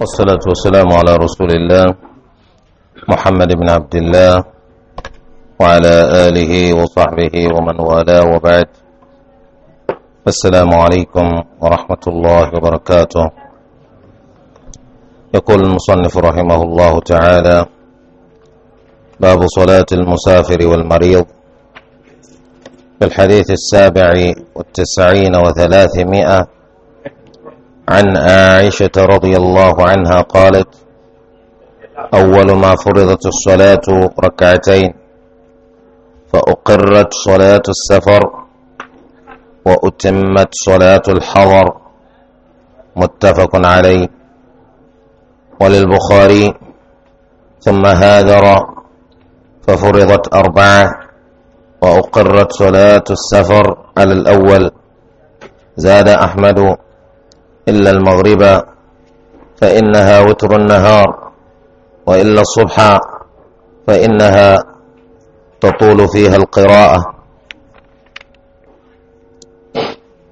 والصلاة والسلام على رسول الله محمد بن عبد الله وعلى آله وصحبه ومن والاه وبعد السلام عليكم ورحمة الله وبركاته يقول المصنف رحمه الله تعالى باب صلاة المسافر والمريض في الحديث السابع والتسعين وثلاثمائة عن عائشة رضي الله عنها قالت أول ما فرضت الصلاة ركعتين فأقرت صلاة السفر وأتمت صلاة الحضر متفق عليه وللبخاري ثم هاجر ففرضت أربعة وأقرت صلاة السفر على الأول زاد أحمد إلا المغرب فإنها وتر النهار وإلا الصبح فإنها تطول فيها القراءة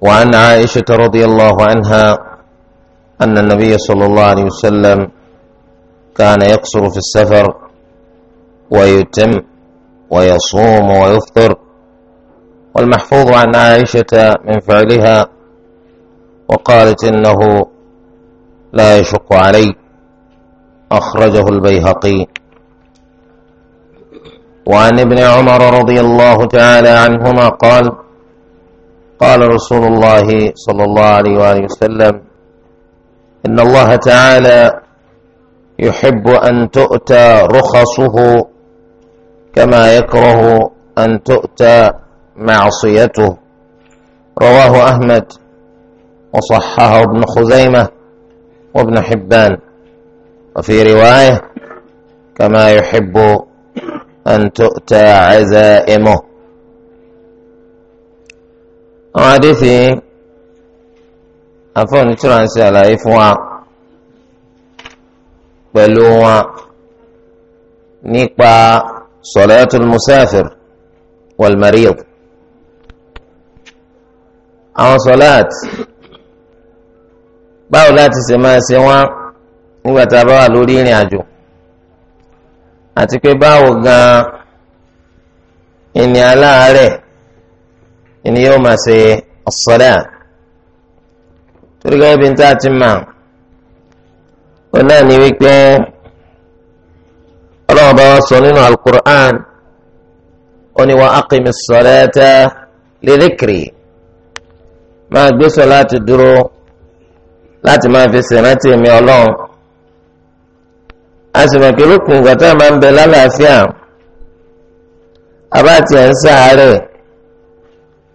وعن عائشة رضي الله عنها أن النبي صلى الله عليه وسلم كان يقصر في السفر ويتم ويصوم ويفطر والمحفوظ عن عائشة من فعلها وقالت إنه لا يشق علي أخرجه البيهقي وعن ابن عمر رضي الله تعالى عنهما قال قال رسول الله صلى الله عليه وآله وسلم إن الله تعالى يحب أن تؤتى رخصه كما يكره أن تؤتى معصيته رواه أحمد وصححه ابن خزيمة وابن حبان وفي رواية كما يحب أن تؤتى عزائمه حديثي أفون ترانس على إفوا بلوا نقبى صلاة المسافر والمريض أو صلاة báwo láti ṣe máa ṣe wọ́n nígbà tá a bá wà lórí ìrìn àjò àti pé báwo gan-an ìní aláàárẹ̀ ìní yóò máa ṣe ọ̀sọ́dà torí gẹ́gẹ́ bí n tá a ti mà ó náà ní wípé ọlọ́run bá wá sọ nínú alukur'an ó ní wa aqimi ssalata li dhikri máa gbé sọ láti dúró láti máa fi ṣèrántí mi ọlọ́run a sì mọ̀ pé lókun ìgbà tá a máa ń bẹ lálàáfíà àbá tiẹ̀ ń ṣàárẹ̀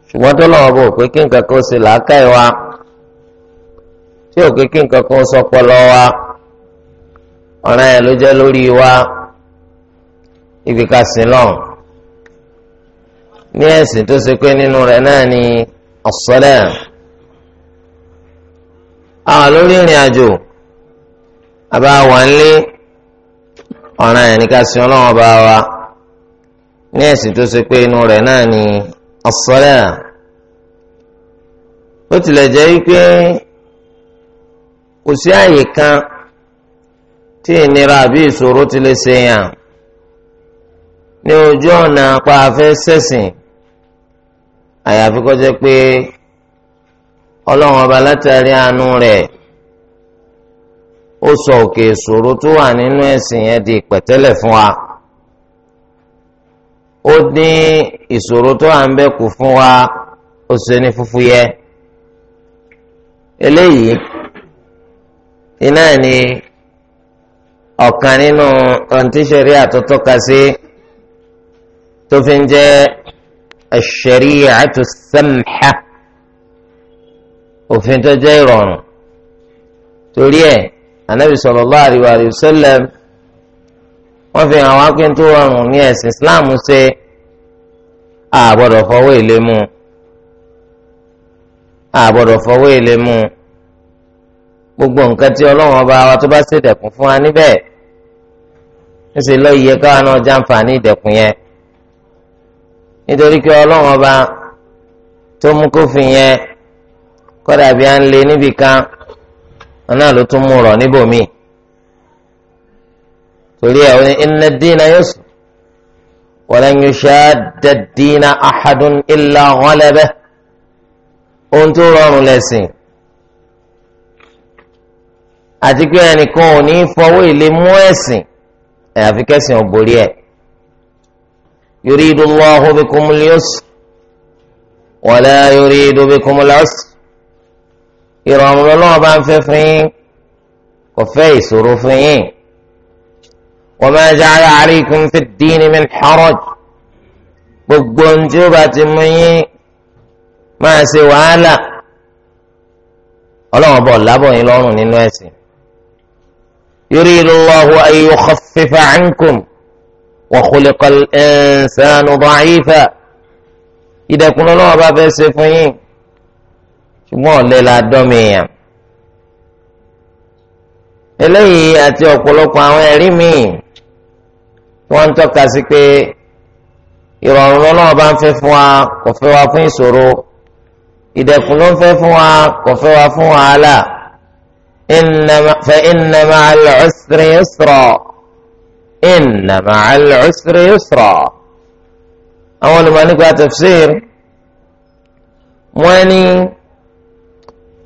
ṣùgbọ́n tó lọ́wọ́ bò pé kí nǹkan kan ṣe làákàyè wa tí ò pé kí nǹkan kan sọpọlọ wa ọ̀ràn yẹn ló jẹ́ lórí wa ibi ká sìn lọ́hùn ní ẹ̀sìn tó ṣe pé nínú rẹ̀ náà ni ọ̀sọ́lẹ̀. àwọn lórí ìrìn àjò àbá wà nílé ọ̀ràn ẹ̀ ní ká sin ọlọ́wọ́n bá wa ní ẹ̀sìn tó ṣe pé inú rẹ̀ náà ni as-salah ó tilẹ̀ jẹ́ wípé kò sí àyè kan tí ìnira àbí ìṣòro ti lè ṣe yàn ní ojú ọ̀nà apá afẹ́ sẹ̀sìn àyàfi ọlọ́run ọba látàrí àánú rẹ̀ ó sọ òkè ìṣòro tó wà nínú ẹ̀sìn yẹn di pẹ̀tẹ́lẹ̀ fún wa ó dín ìṣòro tó wà ń bẹ kù fún wa ó ṣe ní fúfúyẹ́ eléyìí iná ni ọ̀kan nínú kọ́ńtíṣẹ̀rí àtọ́tọ́ka sí tó fi ń jẹ́ ẹ̀ṣẹ̀rí àtúnṣẹ́mḥà òfin tó jẹ́ ìrọ̀rùn torí ẹ̀ anabi sallallahu alaihi wa sallam wọ́n fi hàn wá pé tó rọrùn ní ẹ̀sìn islam ṣe àbọ̀dọ̀ fọwọ́ èlé mú àbọ̀dọ̀ fọwọ́ èlé mú gbogbo nǹkan tí ọlọ́run ọba wa tó bá ṣe dẹ̀kun fún wa níbẹ̀ ńṣe lọ yẹ káwa náà jàǹfààní ìdẹ̀kun yẹn nítorí pé ọlọ́run ọba tó mú kófin yẹn kọ́dà bí a ń lé níbi kan ọ̀nà ló tún mú rọ̀ níbòmíì torí ẹ̀ ní inna ad-dīna yusr wa lan yushadda ad-dīna ahadun illā ghalabahu ohun tó rọrùn lẹ́sìn àti pé ẹnìkan ò ní fọwọ́ ìlé mú ẹ̀sìn àyàfi kẹ́sìn ò ẹ̀ yuridu Allahu bikumul yusr wa lā yuridu bikumul ìrọ̀rùn lọ́wọ́ bá ń fẹ́ fún yín kò fẹ́ ìṣòro fún yín. wa ma ja'ala alaykum fi d-dini min haraj gbogbo ohun tí ó bá ti mú yín máa ṣe wàhálà ọlọ́wọ́n bọ̀ lábọ̀ yín lọ́rùn nínú ẹ̀sìn. yuridu Allahu an yukhaffifa ankum ẹ̀ khuliqa al-insanu da'ifa ìdẹ̀kùn lọ́wọ́ bá fẹ́ ṣe fún yín. ṣùgbọ́n ọ̀lẹ́ la dọ́mi èèyàn eléyìí àti ọ̀pọ̀lọpọ̀ àwọn ẹ̀rí míì wọ́n ń tọ́ka sí pé ìrọ̀rùn lọ́nà bá ń fẹ́ fún wa kò fẹ́ wa fún ìṣòro ìdẹ̀kùn ló ń fẹ́ fún wa kò fẹ́ wa fún wàhálà fa inna ma'al usri yusra inna àwọn olùmọ̀ nípa tafsir wọ́n ní.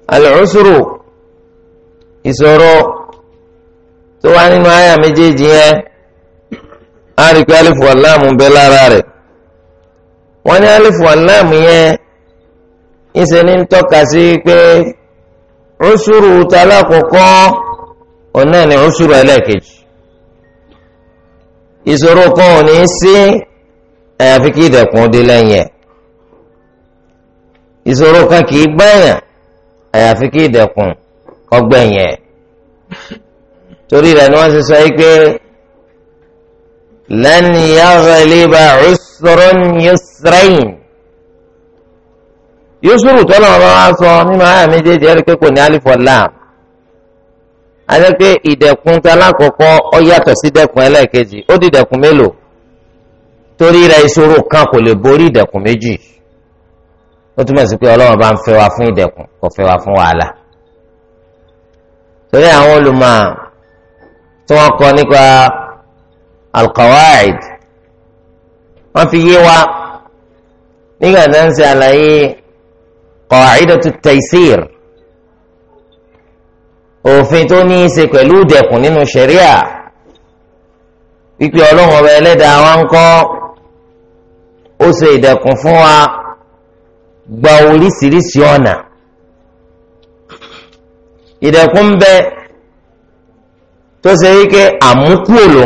al-usru ìṣòro tó wá nínú àyà méjèèjì yẹn á rí pé alifu aláàmù bẹ lára rẹ̀ wọ́n ní alifu aláàmù yẹn ìṣe ní tọ́ka sí pé usuru tala kọ̀kọ́ òun ni usuru ẹlẹ́ẹ̀kejì ìṣòro kan ò ní sí àyàfi kí ìdẹ̀kùn dé àyàfi kí ìdẹ̀kùn ọgbẹ̀yìn ẹ̀ torí rẹ̀ ni wọ́n ti sọ pé lan yaghliba usrun yusrayn yusuf tọ́lọ̀ ọ̀rọ̀ wa sọ nínú àyà méjèèjì ẹ̀rí ní pé ìdẹ̀kùn tí alákọ̀ọ́kọ́ ó túmọ̀ sí pé ọlọ́run bá ń fẹ́ wa fún ìdẹ̀kùn kò fẹ́ wa fún wàhálà torí àwọn olùmọ̀ tí wọ́n kọ nípa alqawaid wọ́n fi yé wa nígbà tí wọ́n ń ṣe àlàyé qa'idatu taysir òfin tó ní í ṣe pẹ̀lú ìdẹ̀kùn nínú ṣẹ̀ríà wípé ọlọ́run ọba ẹlẹ́dàá wa ń kọ́ ó ṣe ìdẹ̀kùn fún wa gba oríṣiríṣi ọ̀nà ìdẹ̀kùn bẹ tó ṣe wípé àmúkúrò ló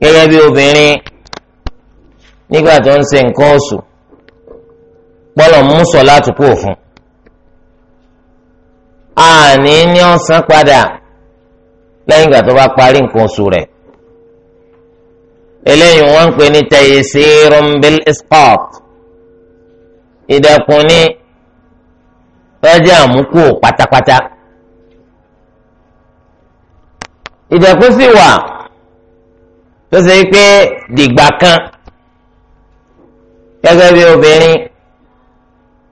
gẹ́gẹ́ bí obìnrin nígbà tó ń ṣe nǹkan oṣù gbọ́dọ̀ mú sọ láti kú òfun àní ní ọ̀sán padà lẹ́yìn ìgbà tó bá parí nǹkan oṣù rẹ̀ eléyìí wọ́n ń pè ní taysirun bil isqat ìdẹ̀kùn ní tọ́jú àmúkù pátápátá ìdẹ̀kùn sì wà tó ṣe pé dìgbà kan gẹ́gẹ́ bí obìnrin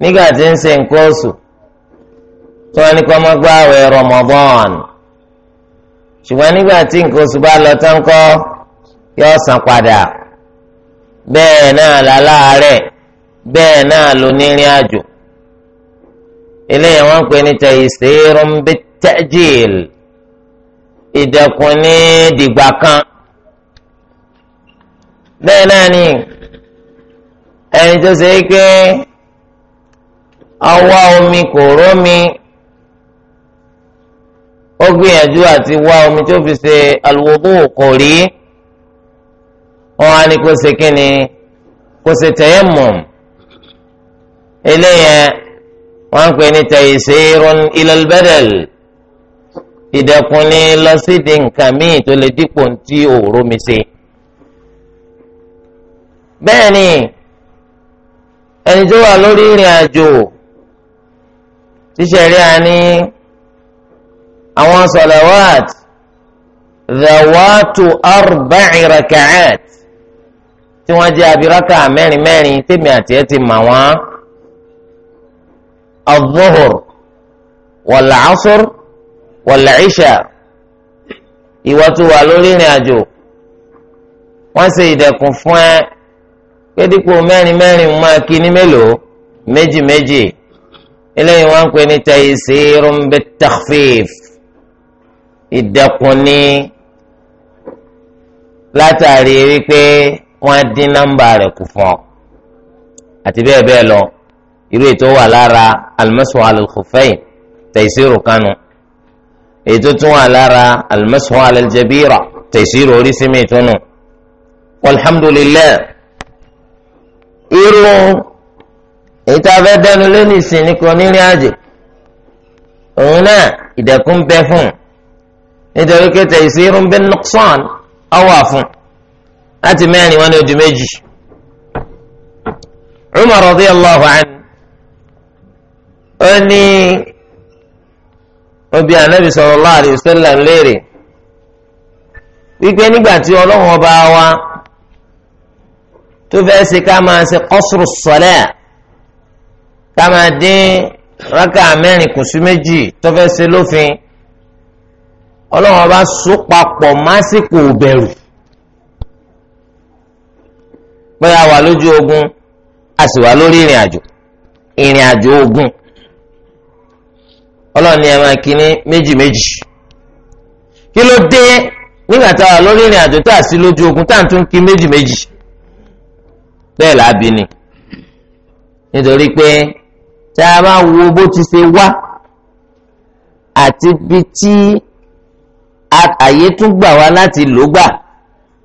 nígbà tí ń ṣe nǹkan oṣù tí wọ́n ní kó má gba àwẹ̀ Ramadan ṣùgbọ́n nígbà tí nǹkan oṣù bá lọ tán kọ́ yóò san padà bẹ́ẹ̀ náà làlá rẹ̀. bẹ́ẹ̀ náà ló ní rìn àjò eléyìí wọ́n ń pè ní tẹ̀síìrún bí tẹ́jìl ìdẹ̀kùn ní dìgbà kan bẹ́ẹ̀ náà ni ẹni tó ṣe é ọwọ́ omi kò rómi ó gbìyànjú àti wá omi tó fi ṣe alwudu kò rí wọn á ní kó ṣe kí ni kó ṣe eléyẹn wọ́n ń pè ní taysirun ilal badal ìdẹ̀kùn ni lọ sídìí nǹkan míì tó lè dípò tí òòró mi ṣe. bẹ́ẹ̀ ni ẹni tó wà lórí ìrìn àjò ṣíṣe rí a ní àwọn salawat zawatu arba'i raka'at tí wọ́n jẹ́ abiraka mẹ́rin mẹ́rin tèmi àti ẹ̀ ti mà wọ́n. الظهر والعصر والعشاء ìwọ tó wà lórí ìrìn àjò wọ́n ṣe ìdẹ̀kùn fún ẹ pé dípò mẹ́rin mẹ́rin mú akí ní mélòó méjì méjì eléyìí wọ́n ń pè ní taysirun bit-takhfif ìdẹ̀kùn ní látàrí wípé wọ́n dín nọ́mbà rẹ̀ kù fún ọ àti bẹ́ẹ̀ bẹ́ẹ̀ lọ irú ètò wà lára almasu alalkhuffayn tẹ̀síìrù kanu ètò tún wà lára almasu alaljabira tẹ̀síìrù oríṣi mi tunu alhamdulilayi irú ètò abẹ́dẹ́nu lónìí sí ní kò ní rìn àjò òun náà ìdẹ̀kùn bẹ́ fún nítorí pé tẹ̀síìrù bẹ nuqsan ọwọ́ àfún láti mẹ́rin wọn ni ó di méjì. Umar radiyallahu anhu ó ní obi anabi sallallahu alaihi wasallam léèrè wípé nígbà tí ọlọ́run ọba wa tó fẹ́ ṣe ká máa ṣe qasru salat ká máa dín rákà mẹ́rin kù sí méjì tó fẹ́ ṣe lófin ọlọ́run ọba so papọ̀ másìkò bẹ̀rù bóyá wà lójú ogun a sì wà lórí ìrìn àjò ìrìn àjò ogun ọlọ́run ní ẹ máa kí ní méjì méjì kí ló dé nígbà tá a lórí ìrìn àjò tá a sí lójú ogun tá à ń tún kí méjì méjì bẹ́ẹ̀ láàbí ni nítorí pé tá a máa wo bó ti ṣe wá àti bí tí àyè tún gbà wá láti lò gbà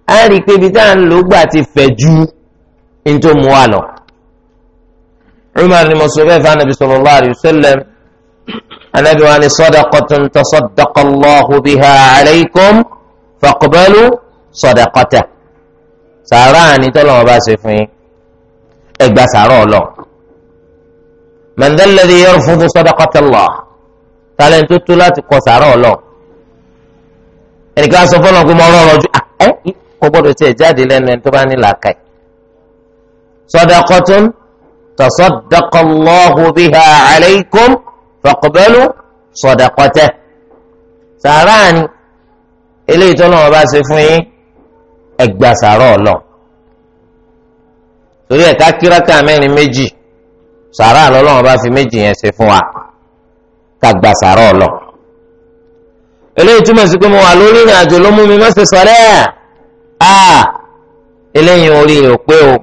á rí i pé ibi tá à ń lò gbà ti fẹ̀ ju ní tó mú wa lọ. Umar ni mo sọ bẹ́ẹ̀ fún anabi sallallahu alaihi wasallam anabi wa ni sadaqatun tasaddaqa Allahu biha alaykum faqbalu sadaqata sàárà ni tọ́lọ́wọ́ bá ṣe fún yín ẹgbà sàárà ọlọ́ man dhal ladhi yarfudu sadaqata Allah tálẹ̀ tó tó láti kọ sàárà ọlọ́ ẹnìkan sọ fọlọ́n pé mo rọrọ ju ah, ẹ kò gbọdọ̀ tiẹ̀ jáde lẹ́nu ẹni tó bá ní làákàyè sadaqatun tasaddaqa Allahu biha alaykum faqbalu sadaqatahu sàárà ni eléyìí tó lọ́wọ́ bá ṣe fún yín ẹgbà sàárà ọ̀lọ́ torí ẹ̀ka kíráka mẹ́rin méjì sàárà lọ́lọ́wọ́ bá fi méjì yẹn ṣe fún wa kàgbà sàárà ọ̀lọ́ eléyìí túmọ̀ sí pé mo wà lórí ìrìn àjò ló mú mi mọ́sẹ̀ sọ́rẹ́ à eléyìí orí rẹ̀ pé o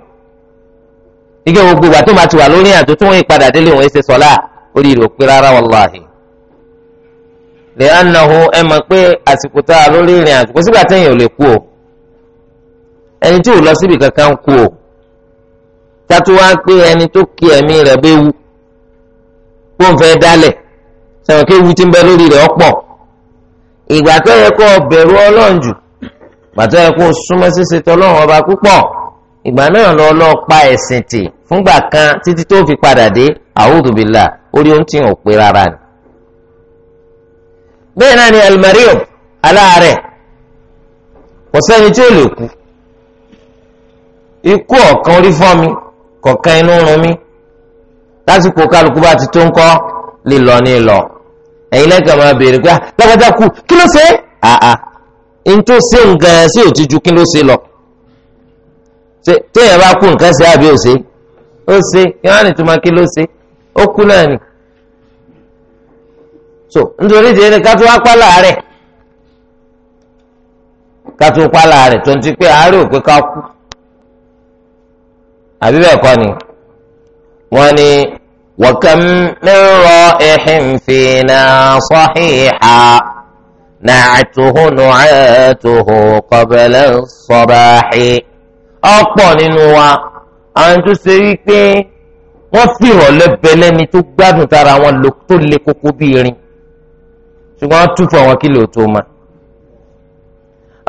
ike gbogbo ìgbà tó máa ti wà lórí ìrìn àjò tó ń padà délé òun ṣe sọ́lá. orí rẹ̀ ò pé rárá wàláhì lè anahu ẹ mọ̀ pé àsìkò tá a lórí ìrìn àjò sígbà téèyàn ò lè kú o ẹni tí ò lọ síbi kankan kú o tatu wá pé ẹni tó kí ẹ̀mí rẹ bẹ kó n fẹ sọ̀rọ̀ kí ewu ti ń bẹ lórí rẹ ọ̀pọ̀ ìgbà tó yẹ kó bẹ̀rù ọlọ́run jù ìgbà tó yẹ kó súnmọ́ ṣíṣe tọ́lọ́run ọba púpọ̀ ìgbà náà lọ́ọ́ pa ẹ̀sìn tì fúngbà kan títí tó fi padà dé orí ohun tí ò pé rárá ni. bẹ́ẹ̀ náà ni almario aláàárẹ̀ kò sẹ́ni tí ò lè kú ikú ọ̀kan orí fọ́ mi kọ̀ọ̀kan inú run mi lásìkò kálukú bá ti tó ń kọ́ lílọ ní ìlọ ẹ̀yin lẹ́kàn máa béèrè pé ah, lágbájá kú kí ló ṣe àà n tó ṣe nǹkan sí òtítù kí ló ṣe lọ téèyàn bá kú nǹkan ṣe àbí ó ṣe ó ṣe kí wọ́n á nìtúmọ̀ kí ló ṣe ó kú náà ni so nítorí ti ẹni kátó wá pálá kátó pálá rẹ̀ tó pé àárẹ̀ òpé ká àbí bẹ́ẹ̀ kọ́ ni wọ́n ní wọ̀kàn mẹ́rọ ẹ̀hìn fìnnà ha nàcàtúhù nùcàtúhù kọ̀bẹ̀lẹ̀ sọ̀bàáxì ọ̀pọ̀ nínú wa àwọn tó ṣe wípé wọ́n fìrọ̀ lẹ́bẹ̀lẹ́ni tó gbádùn tara wọn le koko bí irin. ṣùgbọ́n wọ́n túfọ̀ wọn kí lè tó ma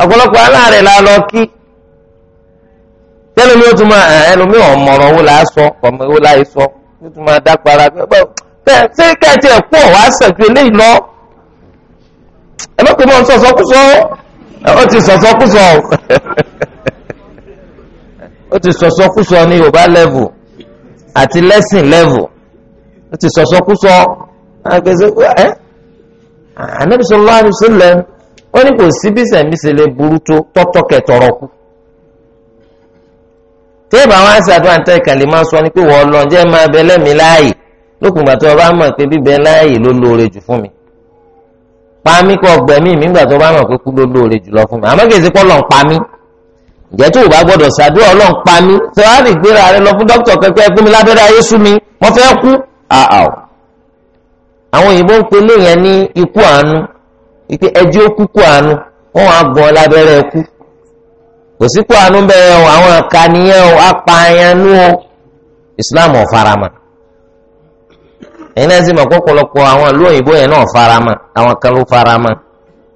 ọ̀pọ̀lọpọ̀ aláàrẹ̀ la lọ kí tẹ́lẹ̀ mi ó tún máa ẹlòmíì ọ̀mọ̀ràn owó láì sọ ọ̀mọ̀ owó láì sọ ó tún máa dápara bẹ́ẹ̀ ṣé kẹ́ẹ̀tì ẹ̀ pọ̀ wá sẹ̀tù eléyìí lọ ẹ bá pè mọ́ sọ̀sọ́kúsọ ó ti sọ̀sọ́kúsọ ó ti sọ̀sọ́kúsọ ní Yorùbá lẹ́vù àti lẹ́sìn lẹ́vù ó ti sọ̀sọ́kúsọ àgbẹ̀sẹ̀ ẹ́ anabi sallallahu alaihi wasallam ó ní kò sí bí sẹ̀mísẹ̀ lè burú tó tọ́tọ́ kẹtọ̀rọ̀ kú téèbà wá sí àdúrà tẹ́ ìkàlẹ̀ máa sọ ni pé wọ́n lọ jẹ́ máa bẹ lẹ́mìí láàyè lókùn ìgbà tó o bá mọ̀ pé bíbẹ láàyè ló lóore jù fún mi pa mí kọ gbẹ̀mí mi ìgbà tó o bá mọ̀ pé kú ló lóore jù lọ fún mi àmọ́ kì í sí pọ́ lọ́n pa mí tó o bá gbọ́dọ̀ ṣàdúrà ọlọ́n pa mí sọ wá rí ìgbéra rẹ lọ fún dókítà kẹ́kẹ́ fún mi lábẹ́rẹ́ ayé sú mi mo fẹ́ kú àwọn òyìnbó ń pelé yẹn ní ikú àánú ike ẹjẹ ó kúkú àánú wọn wàá gbọn lábẹ́rẹ́ ẹkú kò síkú àánú bẹ́ẹ̀ o àwọn àkànìyàn o apààyànú o Islam ò farama ẹ̀yin náà sì mọ̀ pọ̀pọ̀lọpọ̀ àwọn ìlú òyìnbó yẹn náà farama àwọn kan ló farama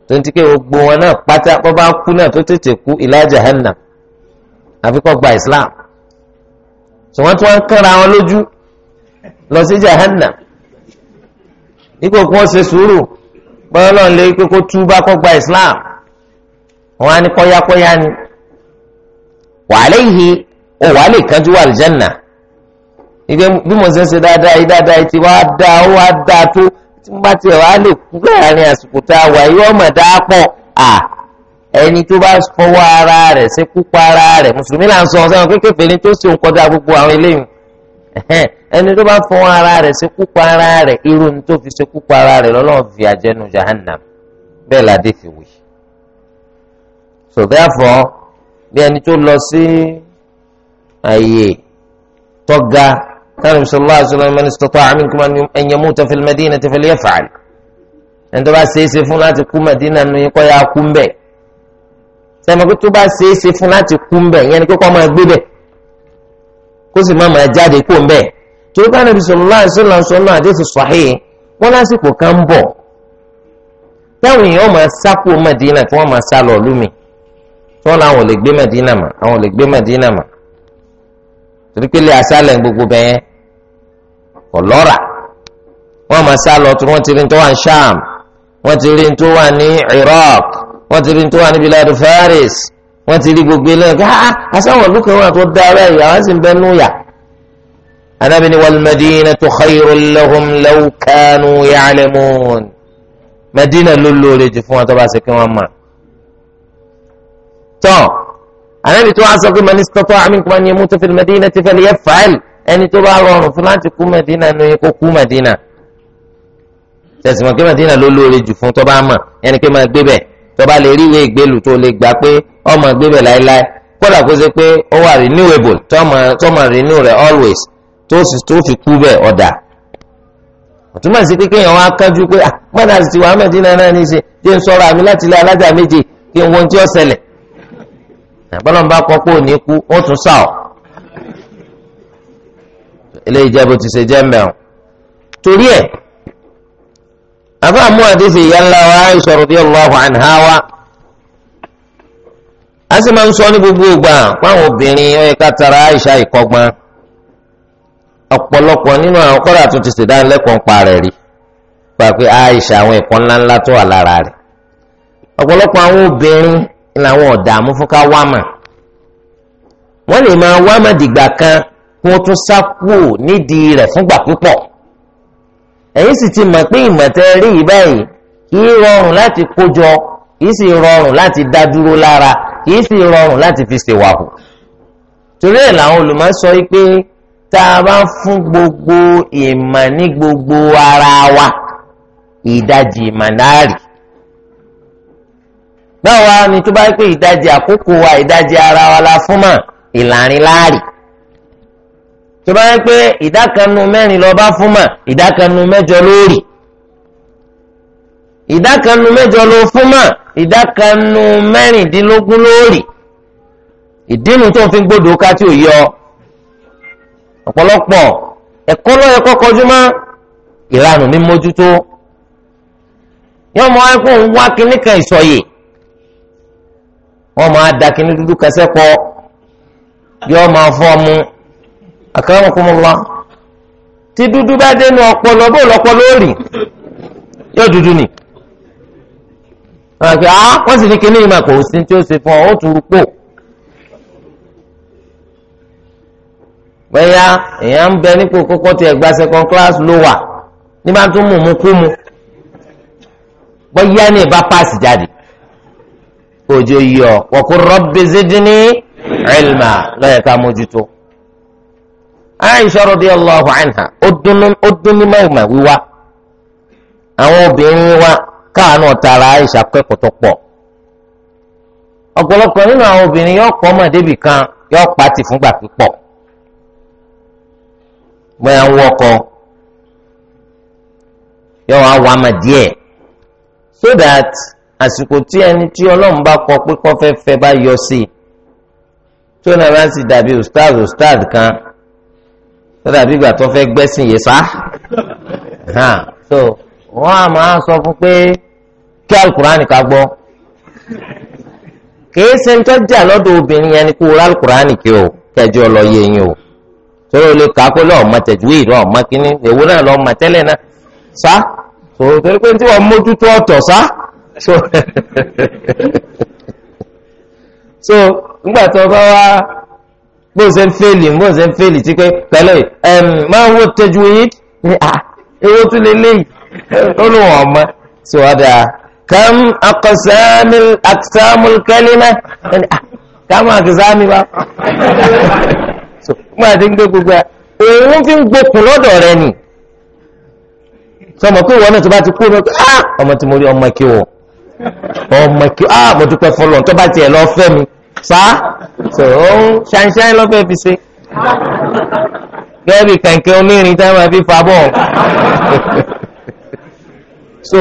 tó ń gbogbo wọn náà pátá kó gba Islam tí wọ́n tún wá ń wọn lójú dípò kí wọ́n ṣe sùúrù bọ́yọ́ lọ́n lé pé kó túbá kó gba Islam wọn á ní kọ́yákọ́yá ni wàhálà ìhì ó wàá lè kánjú wà lìjẹ́nà ìgbẹ́ bí mo ṣe ń ṣe dáadáa yìí dáadáa yìí ti wá dá ó wá dá tó tí mo bá tiẹ̀ wàá lè kú láàrin àsìkò tá a wà yìí ọmọ dáa pọ̀ à ẹni tó bá fọwọ́ ara rẹ̀ ṣe kú pa ara rẹ̀ mùsùlùmí là ń sọ ọ̀sán kékeré ní tó ṣe òun kọjá gbogbo àwọn eléyìí ẹni tó bá fún ara rẹ̀ ṣekú pa ara rẹ̀ irú ni tó fi ṣekú pa ara rẹ̀ lọ́lọ́run fi àjẹnu jahannam bẹ́ẹ̀ ládé fi wì. so therefore bí ẹni tó lọ sí àyè tọ́ga káàdùn sọlá àṣọlá ẹni mẹ́rin sọ́tọ́ àmì kúmọ̀ ẹ̀yẹ mú tẹ́fẹ̀lẹ́ mẹ́dínà tẹ́fẹ̀lẹ́ yẹ fàálì ẹni tó bá ṣe é ṣe fún láti kú mẹ́dínà nu kọ́ ya kú ń bẹ̀ sẹ́mi tó bá ṣe é ṣe fún láti kú ń yẹn ni kíkọ́ máa gbé bẹ̀ kó sì má máa jáde kó ń bẹ̀ torí bá nàbí sallallahu alaihi wasallam àdéhùn sahih wọn lásìkò kan ń bọ̀ táwọn èèyàn máa sá kó Madina tí wọ́n máa sá lọ lómi tí wọ́n láwọn ò lè gbé Madina mà àwọn ò lè gbé Madina mà torí pé lè asálẹ̀ gbogbo bẹ́ẹ̀ ọlọ́ra wọ́n máa sá lọ tí wọ́n ti rí tó wà ní Sham wọ́n ti rí tó wà ní Iraq wọ́n ti rí tó wà ní biladu Faris wọ́n ti rí gbogbo ilé ọ̀gá ah asáwọ̀ ah, lókè wọn àtọ́ da ara ìyá wọn sì ń bẹ́ nú yà. Ànábì ní wal madinatu khayrun lahum law kanu ya'lamun Madina ló lóore jù fún wọn tó bá ṣe kí wọ́n mọ̀. tọ́ Ànábì tó wá sọ pé man istata'a minkum an yamuta fil madinati falyaf'al ẹni tó bá rọrùn fún láti kú Madina nu yẹ kó kú Madina tẹ̀sí mọ̀ Madina ló lóore jù fún tó bá mọ̀ ẹni pé máa gbé bẹ́ẹ̀ tọba lè rí ìwé ìgbélù tó lè gbà pé ọmọ gbébẹ̀ láéláé kódà kó ṣe pé ó wà renewable tọmọ renew rẹ always tó fi kú bẹ̀ ọ̀dà ọ̀túnmọ̀ sí pé kéèyàn wá kájú pé gbọ́dọ̀ àti tiwa mẹ́tìnà náà ní í ṣe kí n sọ̀rọ̀ àmì láti ilé alájà méje kí n wo tí ó ṣẹlẹ̀ àgbọ̀dọ̀ bá kọ́ pé ti ṣe àbá mú àdìsí si ńlá nla ha radiyallahu anha wa a sì máa ń sọ ní gbogbo ìgbà fáwọn obìnrin tara Aisha ìkọ́gbọ́n ọ̀pọ̀lọpọ̀ nínú àwọn kọ́dà tó ti ṣèdánilẹ́kọ̀ọ́ ń parẹ́ rí gba pé Aisha àwọn ẹ̀kọ́ ńláńlá tó wà lára rẹ̀ ọ̀pọ̀lọpọ̀ ẹ̀yin sì ti mọ̀ pé ìmọ̀tẹ́ rí yìí báyìí kì í rọrùn láti kójọ kì sì rọrùn láti dá dúró lára kì í sì rọrùn láti fi ṣèwàhù torí ẹ̀ làwọn olùmọ̀ sọ pé tá a bá fún gbogbo ìmọ̀ ní gbogbo ara wa ìdajì ìmọ̀ náà rì báwa ni tó bá pé ìdajì àkókò wa ìdajì ara wa la fún mọ̀ ìlàrin láàrì tó bá yẹ pé ìdákanu mẹ́rin lọ bá fún mà ìdákanu mẹ́jọ lórí ìdákanu mẹ́jọ ló fún mà ìdákanu mẹ́rìndínlógún lórí ìdínú tó ń fi gbọ́dọ̀ ká tí ò yọ ọ̀pọ̀lọpọ̀ ẹ̀kọ́ lọ́yẹ kọ́kọ́jú mọ́ ìranù ní mójútó yọ mọ ẹkún wá kíní kan ìsọyè wọn máa da kíní dúdú kẹsẹ́ pọ̀ máa fọ́ ọmú akramakumullah tí dúdú bá dénú ọpọlọ bó lọpọlọ ó rì yóò dúdú ni wọ́n sì ní kíní ìmọ̀ kò sí tí ó ṣe fún ọ ó tún pò bẹ́yà èèyàn ń bẹ nípò kókó tí ẹ̀gbá second class ló wà ní bá tún mú mú kú mu bọ́yá ní ìbá páàsì jáde kò jẹ́ yọ wọ́n kó rabbi zidni lọ́yẹ̀ká mójútó. aisha radiyallahu anha ó dún ní mẹ́wàá wíwá àwọn obìnrin wa káàánú ọ̀tara aisha kẹ́kọ̀ọ́ tó pọ̀ ọ̀pọ̀lọpọ̀ nínú àwọn obìnrin yóò kọ́ ọmọ débì kan yóò pàtì fúngbà pípọ̀ bóyá ń wọkọ̀ yóò wá wà má díẹ̀ so that àsìkò tí ẹni tí ọlọ́run bá kọ pé kọ́ fẹ́ fẹ́ bá yọ sí tó náà bá sì dàbí ustaz ustaz kan. lọ́dà bí ìgbà tó fẹ́ gbẹ́sìn yìí sá so wọ́n á máa sọ fún pé kí alukurani ká gbọ́ kìí ṣe ń tọ́jà lọ́dọ̀ obìnrin yẹn ni kó ra alukurani kí o kẹjọ lọ yé yín o tó o kà á pé lọ́ọ̀mọ tẹ̀júwì kínní èwo náà mọ tẹ́lẹ̀ náà sá so torí pé tí wọ́n mójútó ọ̀tọ̀ sá so bó ṣe ń fèlì bó ṣe ń fèlì ti pé pẹ̀lú máa ń wo tẹ́jú yìí ni à ewo tún lè léyìí ó lò wọ́n mọ́ sí wọ́n dáa kàm àkọsámù kẹ́límà ẹni à kàm àkọsámù wa. mo àti ń gbé gbogbo ẹ òun fi ń gbókun lọ́dọ̀ rẹ nì sọmọ pé ìwọ náà tó bá ti kú ah, ọmọ tí mo rí ọmọ kí wọ ọmọ kí wọ ah, tó bá tiẹ̀ lọ fẹ́ mi fa so òun ṣàǹṣàǹ lọ́fẹ́ fi ṣe gẹ́gẹ́ bí kẹ̀kẹ́ onírin tí wọ́n fi fa bọ̀ so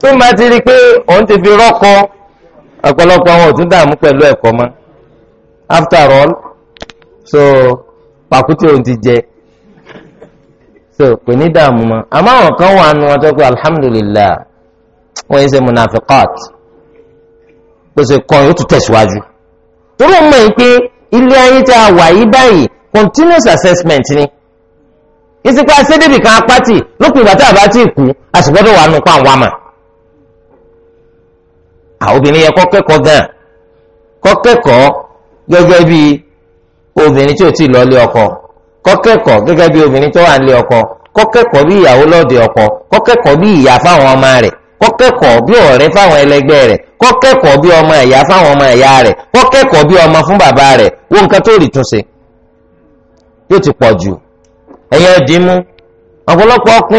tó ń bá ti rí i pé òun ti fi rọ́kọ ọ̀pọ̀lọpọ̀ àwọn ò tún dààmú pẹ̀lú ẹ̀kọ́ mọ́ after all so pàkútì òun ti jẹ so kò ní dààmú mọ́ àmọ́ àwọn kan wà nù wọn pé alhamdulillah wọ́n yẹ ṣe munafiqat. pèsè kan yóò tún tẹ̀síwájú torí ọmọ yìí pé ilé ayé tá a wà yí báyìí continuous assessment ni ìsìnkú asédèbì kan apátì lópin ìgbà tá a bá ti kú a sì gbọ́dọ̀ wà àwọn àmà àwọn obìnrin yẹ kọ́ kẹ́kọ̀ọ́ gan kọ́ kẹ́kọ̀ọ́ gẹ́gẹ́ bí obìnrin tí lé ọkọ kọ́ kẹ́kọ̀ọ́ gẹ́gẹ́ bí obìnrin wà ọkọ kọ́ kẹ́kọ̀ọ́ bí ìyàwó lọ́ọ̀dẹ ọkọ kọ́ kẹ́kọ̀ọ́ bí ọmọ rẹ̀ kó kẹ́kọ̀ọ́ bí ọ̀rẹ́ fáwọn ẹlẹgbẹ́ rẹ̀ kó kẹ́kọ̀ọ́ bí ọmọ ẹ̀yà fáwọn ọmọ ẹ̀yà rẹ̀ kẹ́kọ̀ọ́ ọmọ fún bàbá rẹ̀ wo nǹkan tó rí túnṣe yóò ti pọ̀ jù ẹ̀yẹ dìímú ọ̀pọ̀lọpọ̀ ni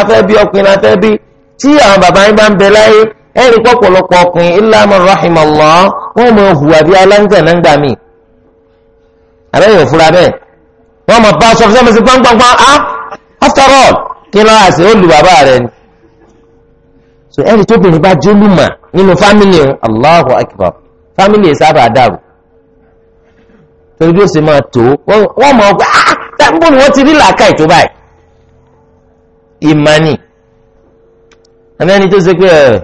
afẹ́ bí afẹ́ bí tí àwọn bàbá yín bá ń bẹ láyé ẹ̀rí pọ̀pọ̀lọpọ̀ ọkùnrin iláàmù rahimallah wọ́n mọ̀ so ẹni tó bìnrin bá jólùmọ̀ nínú fámìlì ń Allahu Akbar fámìlì ẹ̀ sábà dàrú torí bí ó sì máa tó wọ́n mọ̀ ọ́ pé níbo ah, ni wọ́n ti rí làákà ètò báyìí ìmánì ẹni tó ṣe pé ẹ̀ eh,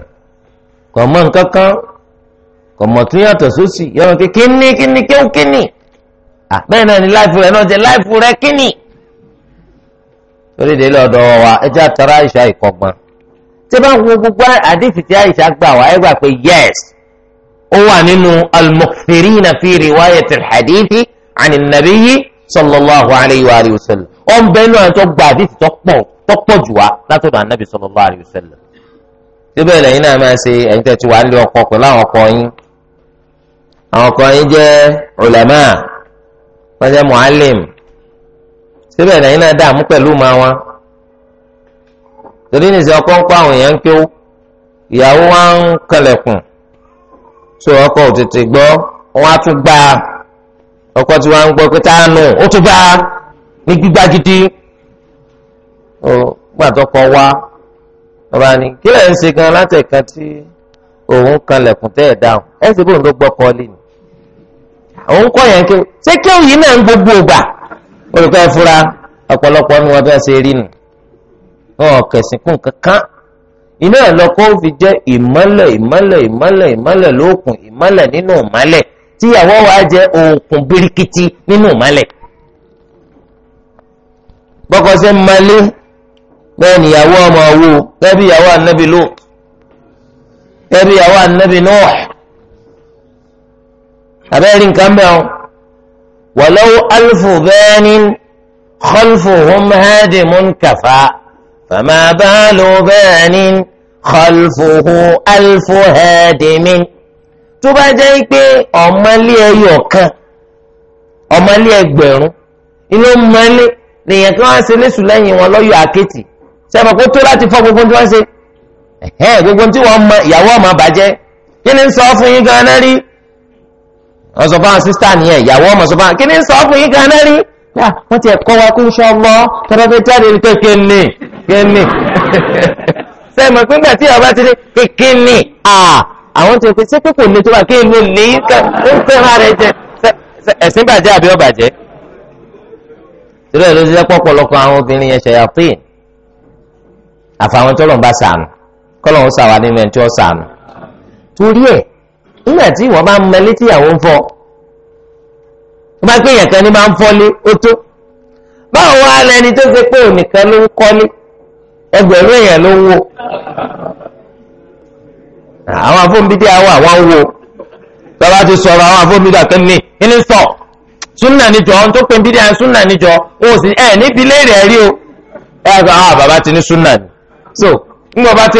kò mọ̀ nǹkan kan kò mọ̀ tún yàtọ̀ sósì yọ̀rọ̀ pé kíní kíní kéwù kíní bẹ́ẹ̀ náà ni láìfù rẹ̀ náà jẹ́ láìfù rẹ̀ kíní. torí délé ọ̀dọ̀ wa ẹ jẹ́ àtàrà àìsà ìkọ̀gbọ́n tí bá wo gbogbo àdìsí tí àyíṣà gbà wá ẹ gbà pé yes ó wà nínú al-mukthirina fi riwayat al-hadithi ani nabiyyi sallallahu alayhi wa alihi wa sallam ó ń bẹ́ẹ̀ náà tó gba àdìsí tó pọ̀ tó pọ̀ jù wá látọ̀dọ̀ anabi sallallahu alayhi wa sallam síbẹ̀ lẹ́yìn náà máa ṣe ẹ̀yin tẹ́ ti lé ọkọ pẹ̀lú àwọn ọkọ yín àwọn ọkọ yín jẹ́ ulama wọ́n jẹ́ mu'allim síbẹ̀ lẹ́yìn náà dààmú pẹ̀lú ma wọn torí nìṣẹ́ ọkọ ń pa àwọn èèyàn ń kéwú ìyàwó wa ń kanlẹ̀kùn so ọkọ ò tètè gbọ́ wọn á tún gbá ọkọ tí wọn á ń gbọ́ pé táànù ó tún gbá ní gbígbá gidi ó gbàtọ́kọ wá ọba ni kí lẹ́yìn ṣe gan látẹ̀kan tí òun kanlẹ̀kùn tẹ́ ẹ̀ dáhùn ẹ̀ ṣe bóun ló gbọ́ kọ́ọ́lì ni òun kọ́ yẹn kéwú ṣé kéwú yìí náà ń gbogbo ògbà olùkọ́ ẹ̀ fura ọ̀pọ̀lọpọ̀ ni wọ́n fẹ́ ṣe rí nù ọ̀kẹ̀sìn kún kankan iná ìlọ́kọ́ ó fi jẹ́ ìmọ́lẹ̀ ìmọ́lẹ̀ ìmọ́lẹ̀ ìmọ́lẹ̀ lóòkùn ìmọ́lẹ̀ nínú ìmọ́lẹ̀ tíyàwó wa jẹ́ òòkùn birikiti nínú ìmọ́lẹ̀ bọ́kọ ṣe ń malé bẹ́ẹ̀ níyàwó ọmọ owó gẹ́bí ìyàwó ànábì lò gẹ́bí ìyàwó ànábì náà abẹ́rẹ́ nǹkan bẹ́ẹ̀ o walaw alfu banin khalfuhum hadimun kafa. فما بال بان خلفه ألف هادم tó bá jẹ́ pé ọmọlé ẹyọ kan ọmọlé ẹgbẹ̀rún inú mọ́lé lèèyàn kan wá ṣe léṣù lẹ́yìn wọn lọ́yọ̀ àkẹ́tì sẹ́mi kó tó láti fọ́ gbogbo tí wọ́n ṣe ẹ̀hẹ́n gbogbo tí wọ́n mọ ìyàwó ọmọ bàjẹ́ kí ni ń sọ fún yín gan-an rí wọ́n sọ fún àwọn sísítà nìyẹn ìyàwó ọmọ sọ fún àwọn kí ni ń sọ fún yín gan-an rí Ah, wọ́n ti ẹ̀kọ́ wa kó ń ṣọ́ ọmọ tọ́lọ́fẹ́ jáde ní pé kíni kíni sẹ́mi pínpẹ̀ tí ọba ti ní pé kíni ah, àwọn ti pè sépè kò ní tó bá kíni ló ní ó ń fẹ́ràn rẹ jẹ ẹ̀sìn bàjẹ́ àbí ọ̀bàjẹ́ ìrẹ́ ló ti dẹ́pọ̀ pọ̀lọpọ̀ àwọn obìnrin yẹn ṣẹ̀yà fíìn àfàwọn tọ́lọ̀ ń bá sànù kọ́lọ̀ ń sàwà nínú ẹ̀ tí ó sànù torí ẹ̀ nígbà tí ìwọ tó pé èèyàn kan ní máa ń fọ́lé ó tó báwo wá lẹni tó ṣe pé ònìkan ló ń kọ́lé ẹgbẹ̀rún èèyàn ló ń wò àwọn afọ́nbídé àwọn àwọn ń wò tọ́lá ti sọ̀rọ̀ àwọn afọ́nbídé sọ súnà níjọ ohun tó pè ń bídé àwọn súnà níjọ sì níbi o àwọn ah, bàbá ti ní so bá ti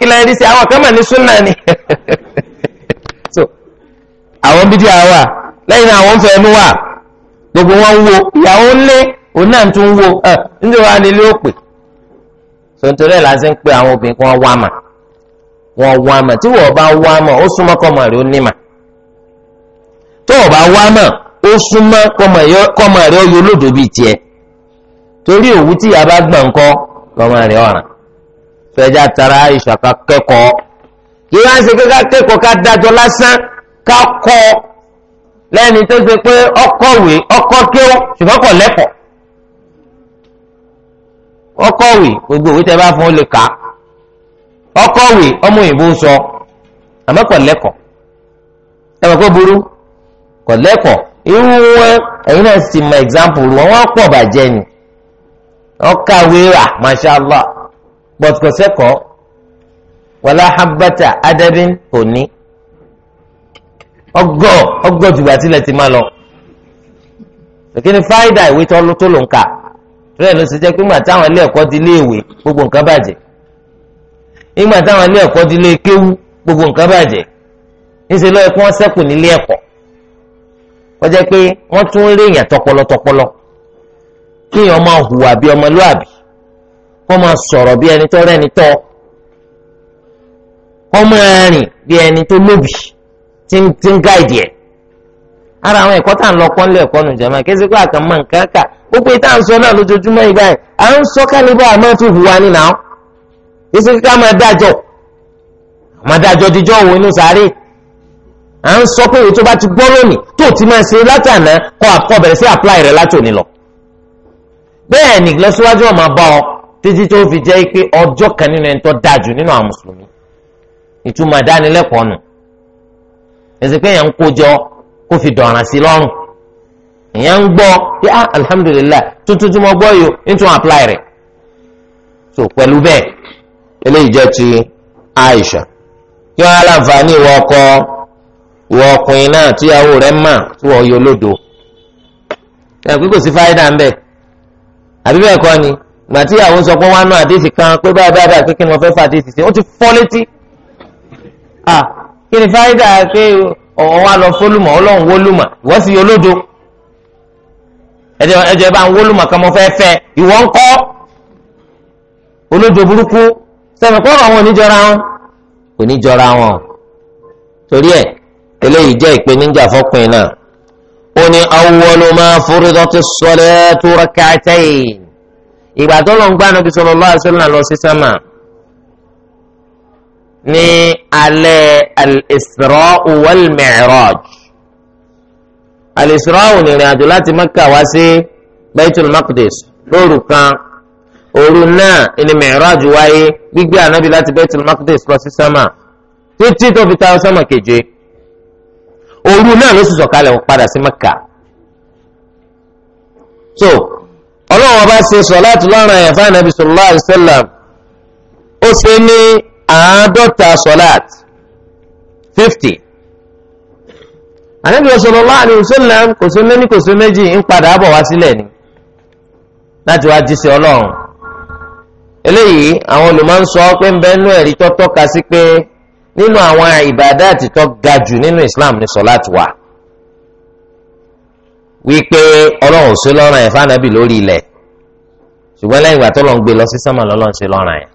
kílẹ̀ rí sí àwọn ní súnà ni so àwọn bídé àwọn lẹ́yìn àwọn fẹ́ ẹnu wà gbogbo wọn wo ìyàwó lé òun náà tún wo ẹ nítorí wọn nílé òpè pe àwọn obìnrin kan wá mà wọn wá mà tí wọ́n bá wá mà ó súnmọ́ kọ́mọ rẹ̀ ó ní mà tó o bá wá mà ó súnmọ́ kọ́mọ rẹ̀ ó yọ olódò bíi tiẹ̀ torí òwú tí ìyá gbọ̀n kọ́ kọ́mọ rẹ̀ ọ̀ràn fẹjá tara ìṣàkà kẹ́kọ̀ọ́ yíyá ń ṣe kẹ́kọ̀ọ́ ká dájọ́ lásán ká lẹ́ni tó ṣe pé ọkọ̀wé ọkọ̀ ṣùgbọ́n lẹ́kọ̀ọ́ ọkọ̀wé gbogbo òwe tẹ́ bá fún ó lè kà á ọkọ̀wé ọmọ òyìnbó sọ àmọ́ kò lẹ́kọ̀ọ́ ẹ mọ̀ pé burú lẹ́kọ̀ọ́ irú wọn ẹ̀yin náà sì mọ example wọn wọ́n pọ̀ bàjẹ́ ni mashallah ọgọ́ ọgọ́ jùgbà tilẹ̀ ti máa lọ. èkìní fáìdà ìwé tó ló ń kà rẹ̀ ló ṣe jẹ́ pé ńgbà táwọn ilé ẹ̀kọ́ di ilé ìwé gbogbo nǹkan bàjẹ́ ńgbà táwọn ilé ẹ̀kọ́ di ilé kéwú gbogbo nǹkan bàjẹ́ ńṣe lọ́ọ́ kí wọ́n sẹ́kù nílé ẹ̀kọ́ kọjá pé wọ́n tún rí èèyàn tọpọlọ tọpọlọ kíyàn máa hùwà bí ọmọlúàbí kó máa sọ̀rọ̀ bí ẹni tó rẹ́ni tọ́ kó máa rìn bí ẹni tó lóbìí tí ń gáìdì ẹ̀ ara àwọn ẹ̀kọ́ tá à ń lọ pọ́nlé ẹ̀kọ́ nù jẹ́mọ́ kése pé àkàn mọ̀ nǹkan kà ó pé tá à ń sọ náà lójoojúmọ́ ìgbà yẹn à ń sọ kálíbọ̀ àmọ́ fi hùwà ni nàá kése ká máa dájọ́ máa dájọ́ díjọ́ òun inú sáré à ń sọ pé èyí tó bá ti gbọ́ lónìí tó ti máa ṣe látàná kọ́ àkọ́ bẹ̀rẹ̀ sí apply rẹ̀ látòní lọ bẹ́ẹ̀ ni lọ́síwájú ọ̀ máa bá ọ títí tó ìtumọ̀ ìdánilẹ́kọ̀ọ́ nù èsì pé èèyàn ń kó jọ kó fi dọ̀ràn sí lọ́rùn èèyàn ń gbọ́ pé ah alhamdulilayi tuntun tí mo gbọ́ yìí ń tún apply rẹ̀ so pẹ̀lú bẹ́ẹ̀ eléyìí jẹ́ ti Aisha kí wọ́n á láǹfààní ìwọ ọkọ ìwọ ọkùnrin náà tíyàwó rẹ̀ mà tí wọ́n yọ lódò ẹ̀ pé kò sí fáyidà ń bẹ̀ àbí bẹ́ẹ̀ kọ́ ni gbàtí ìyàwó sọ pé wọ́n á ná àdéhìí kan pé báyìí báyìí pé kí ni wọ́n fẹ́ fà àdéhìí sí ó ti fọ́ létí ah kí ni fáyidà pé ọ̀wọ́ wa lọ fólùmọ̀ ọlọ́run wólùmọ̀ ìwọ́ sì yọlódo ẹjọ bá ń wólùmọ̀ kan mo fẹ́ fẹ́ ìwọ́ ń kọ́ olódo burúkú sẹ́mi kọ́ ọ̀rọ̀ wọn ò wọn kò wọn torí ẹ̀ eléyìí jẹ́ ìpèníjà fọ́pin náà ó ní awwalu ma ìgbà tó lọ ń gbá ní alẹ́ al-Isra' wal-Mi'raj al-Isra' nìrìn àjò láti Mẹ́kà wá sí Baitul Maqdis lóru kan òru náà ni Mi'raj wáyé gbígbé ànábì láti Baitul Maqdis lọ sí sámà títí tó fi ta sámà keje òru náà ló sì sọ̀kalẹ̀ padà sí Mẹ́kà so ọlọ́run ọba ṣe sọ láti lọ́rùn ẹ̀yàn fún ànábì sallallahu alaihi wasallam ó ṣe ní àádọ́ta sọ́láàt fifty ànábì sallallahu alaihi wasallam kò sí méjì kò sí méjì ń padà bọ̀ wá sílẹ̀ ni láti wá jíṣẹ́ ọlọ́run eléyìí àwọn olùmọ̀ ń sọ pé ń bẹ́ẹ̀ nú ẹ̀rí tó tọ́ka sí pé nínú àwọn ìbàdá àtìtọ́ ga jù nínú Islam ní sọ́láàt wà wípé ọlọ́run sí lọ́ràn ẹ̀ fáànàbì lórí ilẹ̀ ṣùgbọ́n lẹ́yìn ìgbà tó lọ́n gbé lọ sí sánmà lọ́lọ́run sí lọ́ràn ẹ̀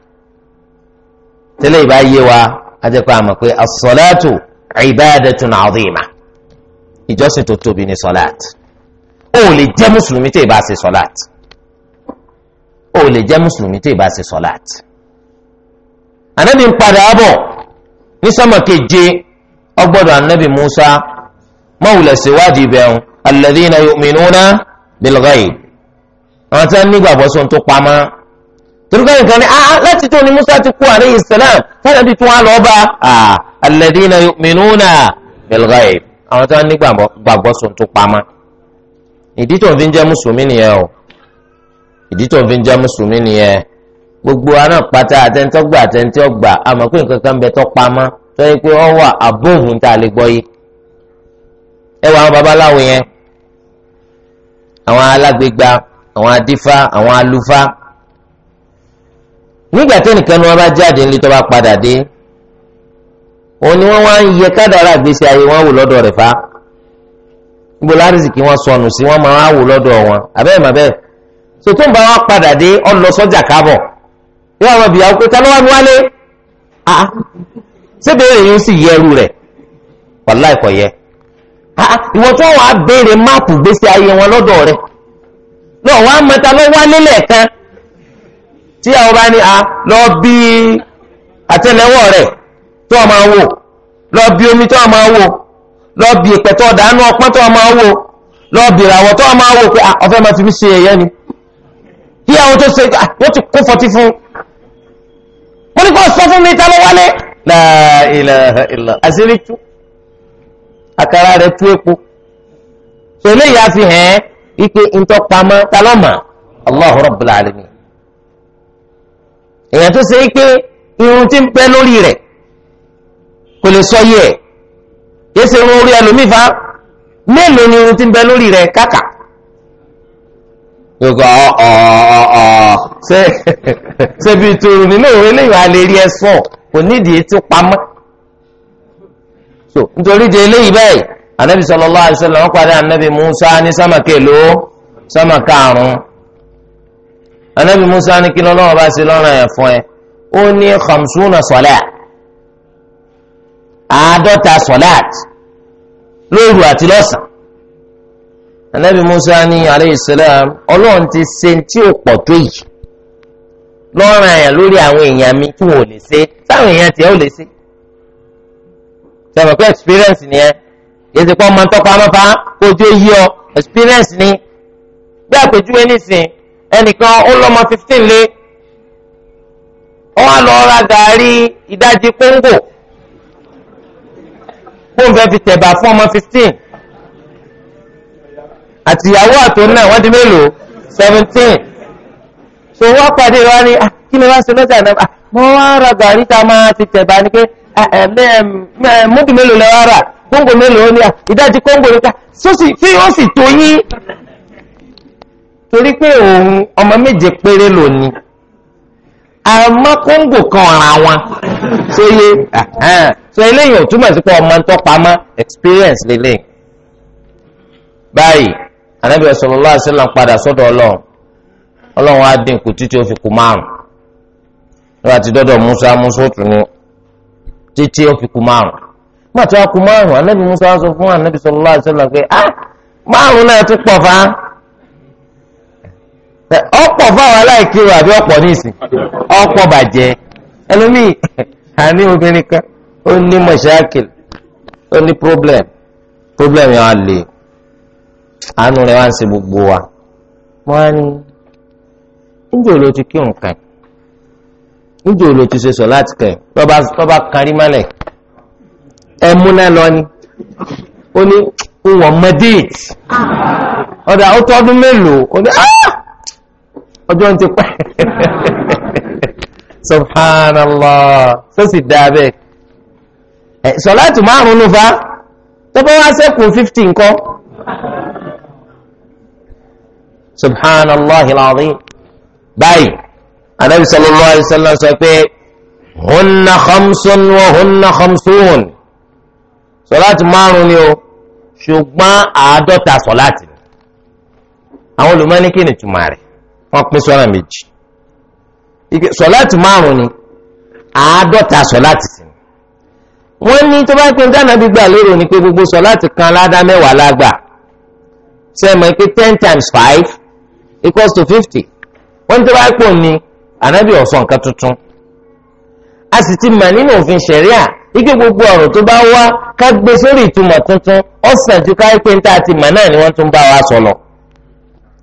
tẹ́lẹ̀ ìbá yé wa ajẹ́pẹ́ àmọ̀ pé asọ́láàtù ibadatun azima ìjọsìn tó tóbi ní sọ́láàt ó lè jẹ́ mùsùlùmí tí ìbá ṣe sọ́láàt ó lè jẹ́ mùsùlùmí tí ìbá ṣe sọ́láàt. ànábì ń padà bọ̀ ní sọ́mọ̀ keje ọgbọ́dọ̀ ànábì Musa mọ̀wùlẹ̀ síwádìí bẹ̀rù alladhina yu'minuna bil ghaib àwọn tí wọ́n nígbàgbọ́sọ̀ tó pamọ́ turugbe nǹkan ni ah, ah láti tó ni musa ti kú alayhi salam fún ẹbí tí wọn lọ bá ah alladina yu'minuna bil ghaib àwọn tí wọn ní gbàgbọ́ sùn tó pamọ́ ìdí tó ń fi ń jẹ́ mùsùlùmí nìyẹn o ìdí tó ń fi ń jẹ́ mùsùlùmí nìyẹn gbogbo aná pátá àtẹnitọ́gbà àtẹnitọ́gbà àmọ́ pé nǹkan kan bẹ tó pamọ́ tó yẹ pé ọ wà abóhùn tá a lè gbọ́ yìí ẹ wà àwọn babaláwo yẹn àwọn alágbègbà àwọn adífá àwọn nígbà tí ẹnìkan ni wọn bá jáde nílé tó bá padà dé òun ni wọn wá ń yẹ kádàrá ìgbésí ayé wọn wò lọ́dọ̀ rẹ̀ fa gbogbo lárísìkí wọn sọnù sí wọn máa wò lọ́dọ̀ wọn àbẹ́ẹ̀ mà bẹ́ẹ̀ so tó ń bá wọn padà dé ọlọ sọ́jà kábọ̀ yóò àwọn ìbíyàwó pé ta ló wá ní wálé ah sébèrè ah. yìí sì yẹ ẹrú rẹ̀ wàláì kò yẹ ah, ah. ìwọ tó wàá béèrè máàpù ìgbésí ayé wọn lọ́dọ̀ rẹ̀ lọ́wọ́ àmọ́ta ló wálé lẹ́ẹ̀kan tí àwọn ọba ní a lọ bí àtẹ́lẹwọ́ rẹ̀ tó o lọ bí omi tó o lọ bí o lọ bí ìràwọ̀ tó o máa pé ọ̀fẹ́ ma fi ṣe ẹ̀yẹ ni kí tó ṣe wọ́n ti kó fọtí fún mo ní kó sọ fún mi wálé àkàrà rẹ̀ tú epo fi ike Allahu èèyàn tó ṣe é pé irun ti ń pẹ́ lórí rẹ̀ kò lè sọ yẹ ẹ̀ yé ṣe irun orí ẹlòmíì fa mélòó ni irun ti ń pẹ́ lórí rẹ̀ kàkà yóò gbọ́ ọ̀ọ̀ọ̀ọ̀ ṣe ṣe bí tòrò nínú òwe lè wà lè rí ẹ sọ kò nídìí tó pamọ́ so nítorí de eléyìí bẹ́ẹ̀ anabi sallallahu alaihi wasallam wọn padà anabi musa ní sámàkè ló sámàkà àrùn anabi musa ní kí lọ́wọ́ bá ṣe lọ́rùn ẹ̀ fún ẹ ó ní khamsuna sọlá àádọ́ta sọláàt lóru àti lọ́sàn anabi musa ní alayhi salam ọlọ́run ti ṣe tí ó pọ̀ tó yìí lọ́rùn ẹ̀ lórí àwọn èèyàn mi tí wọn ò lè ṣe táwọn èèyàn tiẹ̀ ò lè ṣe sọ̀rọ̀ experience nìyẹn kì í ṣe ọmọ tọ́pọ̀ amọ́fà kó tó yí ọ experience ni bí àpèjúwe nísìnyí. ẹnìkan ó lọ́mọ fifteen lé wọ́n á lọ ra gàárì ìdajì kóńgò fóun fẹ́ fi tẹ̀bà fún ọmọ fifteen àtìyàwó àtòun náà wọ́n di mélòó seventeen so wọ́n pàdé wa ni kí ni wọ́n ṣe wá ra gàárì tá a máa fi tẹ̀bà ni pé múdù mélòó rà kóńgò mélòó ni ìdajì kóńgò ni ká sósì ó sì tó torí pé òun ọmọ méje péré lónìí àmọ́ kóńgò kan ọ̀ràn wọn tó yé so eléyìí ò túmọ̀ sí pé ọmọ ń tọpamọ́ experience lélẹ̀ báyìí anabi sallallahu alaihi wasallam padà sọ́dọ̀ ọlọ́run ọlọ́run á dín kù títí ó fi kù márùn nígbà tí dọ́dọ̀ musa musa ó tún ní títí ó fi kù márùn nígbà tí wọ́n kù márùn anabi musa sọ fún anabi sallallahu alaihi wasallam pé ah márùn náà ti pọ̀ fáá ọ̀pọ̀ fáwọn aláìkiri àbí ọ̀pọ̀ nísìn ọ̀pọ̀ bàjẹ́ ẹlòmíì àní obìnrin kan ó ní mọ̀ṣáàkì ó ní problem problem yẹn wà lè àánú rẹ̀ wá ń ṣe gbogbo wa wọ́n á ní níjẹ́ ò ló ti kírun kàn níjẹ́ ò ló ti ṣe sọ láti kàn lọ́ba kárí mọ́lẹ̀ ẹ múná lọ ni ó ní wọ́n mọ déètì ọ̀dà ó tọ́dún mélòó ó ní ah! ọjọ́ ń ti pẹ́ subhanallah tó sì dáa bẹ́ẹ̀ ẹ sọláàtì márùn ún fa tó bá wá sẹ́kùn fifty nǹkan subhanallah al-azim báyìí anabi sallallahu alayhi wa sallam sọ pé hunna khamsun wa hunna khamsun sọláàtì márùn ún ni o ṣùgbọ́n àádọ́ta sọláàtì ni àwọn olùmọ́ni kí ni tùmọ̀ rẹ̀ wọ́n pín sọ́nà méjì sọ̀láàtì márùn ni àádọ́ta sọ̀láàtì sí wọ́n ní tó bá pé gánà gbígbà lérò ni pé gbogbo sọ̀láàtì kan ládá mẹ́wàá lágbà sẹ́mọ̀ pé ten times five equals to fifty wọ́n ní tó bá pò ní ànábì ọ̀sán nǹkan tuntun a sì ti mà nínú òfin ṣẹ̀ríà ike gbogbo ọ̀rọ̀ tó bá wá ká gbé sórí ìtumọ̀ tuntun ọ̀sán ju káyọ̀ pé ń tà àti mà náà ni wọ́n tún bá wa sọ lọ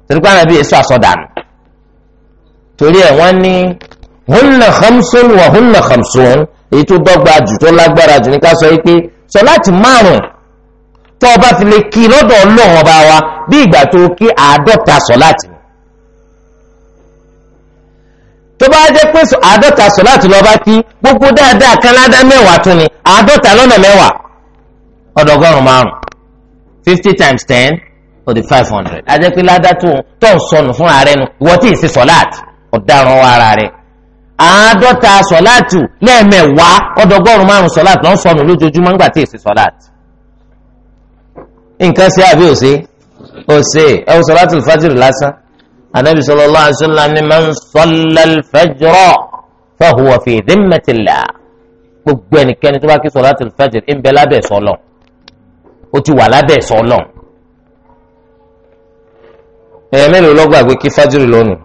tẹ̀lé pé ànábì èso àsọdànù torí ẹ̀ wọ́n ní hunna khamsun wa hunna khamsun èyí tó dọ́gba jù tó lágbára jù ní ká sọ pé sọ láti márùn tó o bá fi lè kí lọ́dọ̀ ọlọ́run ọba wa bí ìgbà tó kí àádọ́ta sọ láti ní. tó bá jẹ́ pé àádọ́ta sọ láti lọ́ọ́ bá kí gbogbo dáadáa kánádá mẹ́wàá tún ni àádọ́ta lọ́nà mẹ́wàá ọ̀dọ̀gọ́rùn márùn fifty times ten ó di five hundred. a jẹ́ pé ládàá tó ń sọnù fún ààrẹ nu ìwọ́n tí ì sí sọ láti ọ̀daràn wa ara rẹ̀ àádọ́ta sọ̀láàtù lẹ́ẹ̀mẹ̀wàá ọ̀dọ́gọ́rùn márùn sọ̀láàtù lọ́n sọnù lójoojúmọ́ ńgbà tí èsì sọ̀láàtù. nǹkan ṣe àbí òṣè òṣè ẹ wò sọ̀láàtù fájìrì lásán anabi sallallahu alaihi wasallam ni man salla al-fajra fa huwa fi dhimmatillah gbogbo ẹnikẹ́ni tó bá kí sọ̀láàtù fájìrì ń bẹ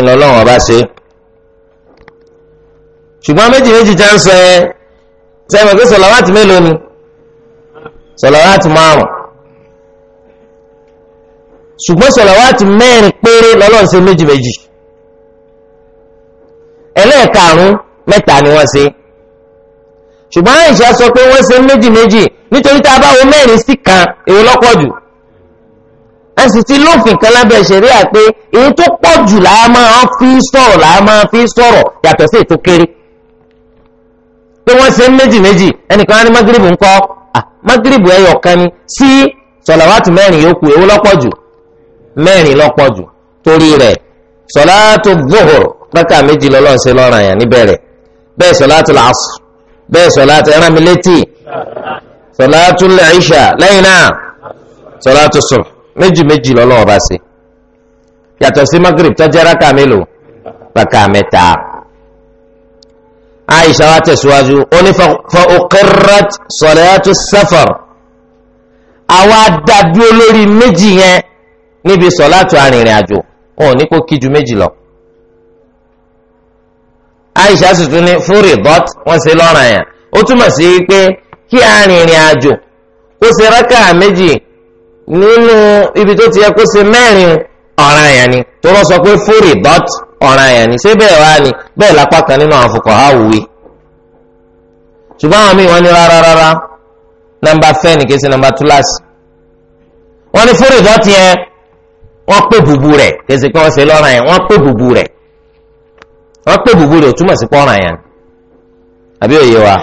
ńlọlọ́run ọba ṣe ṣùgbọ́n méjì méjì tá ń sọ ẹ sẹ́wọ̀n pé sọ̀làwátì mélòó ni sọ̀làwátì márùn ṣùgbọ́n sọ̀làwátì mẹ́rin péré lọ́lọ́run ṣe méjì méjì ẹlẹ́ẹ̀karùn-ún mẹ́ta ni wọ́n ṣe ṣùgbọ́n àìṣà sọ pé wọ́n ṣe méjì méjì nítorí tá a bá wo mẹ́rin sí kan èwo lọ́pọ̀ jù a sì ti lófin kan lábẹ́ ṣẹ̀ríà pé èyí tó pọ̀ jù làá máa fi sọ̀rọ̀ làá máa fi sọ̀rọ̀ yàtọ̀ sí ètò kéré pé wọ́n ṣe ń méjì méjì ẹnìkan á ní magrebu ńkọ́ magrebu ẹyọ kan ni sí sọ̀làwátì mẹ́rin yòókù èwo lọ́pọ̀ jù mẹ́rin lọ́pọ̀ jù torí rẹ̀ sọ̀làtò zuhur rákà méjì lọ́lọ́ ṣe lọ́ràn àyàn níbẹ̀rẹ̀ bẹ́ẹ̀ sọ̀làtò làásù bẹ́ẹ̀ sọ̀làtò ẹran mi létì sọ̀làtò lẹ́yìn náà sọ̀làtò sùn méjì méjì lọ́lọ́wọ́ bá ṣe yàtọ̀ sí magrib tó jẹ́ rákà mélòó rákà mẹ́ta. Aisha wa tẹ̀síwájú ó ní fa uqirrat salatu safar àwa dàbí olórí méjì yẹn níbi sọ̀látù arìnrìn àjò wọn ò ní kó kí ju méjì lọ. Aisha sì tún ní furidat wọ́n ṣe lọ́ràn yẹn ó túmọ̀ sí pé kí arìnrìn àjò ó ṣe rákà méjì nínú ibi tó ti yẹ kó ṣe mẹ́rin ọ̀ràn àyàn ni tó lọ sọ pé fúri bọ́t ọ̀ràn àyàn ni ṣé bẹ́ẹ̀ wá ni bẹ́ẹ̀ lápá kan nínú àwọn fòkàn á wùwé ṣùgbọ́n àwọn míì wọ́n ní rárá rárá nọ́mbà fẹ́ ní kí n ṣe nọ́mbà túláàsì wọ́n ní fúri bọ́t yẹn wọ́n pè bùbù rẹ̀ kì í ṣe pé wọ́n ṣe lọ́ràn yẹn wọ́n pè bùbù rẹ̀ wọ́n pè bùbù rẹ̀ túmọ̀ sí pọ́ràn yẹn àbí òye wa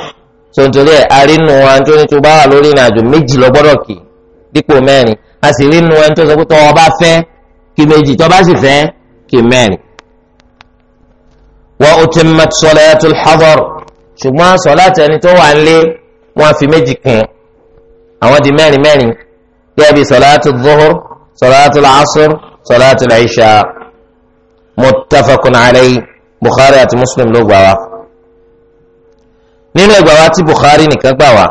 sọ̀ntorí ẹ̀ arínú wa nítorí tó bá dípò mẹ́rin a sì rí nu ẹni tó sọ pé tọ́ ọba fẹ́ kí méjì tọ́ bá sì fẹ́ kí mẹ́rin. wa utimmat salatul hadar ṣùgbọ́n sọlá tẹni tó wà nílé wọ́n fi méjì kún àwọn di mẹ́rin mẹ́rin gẹ́gẹ́ bí salatul zuhur salatul asr salatul isha muttafaqun alayhi bukhari àti muslim ló gbà wá. nínú ìgbà wa tí bukhari nìkan gbà wá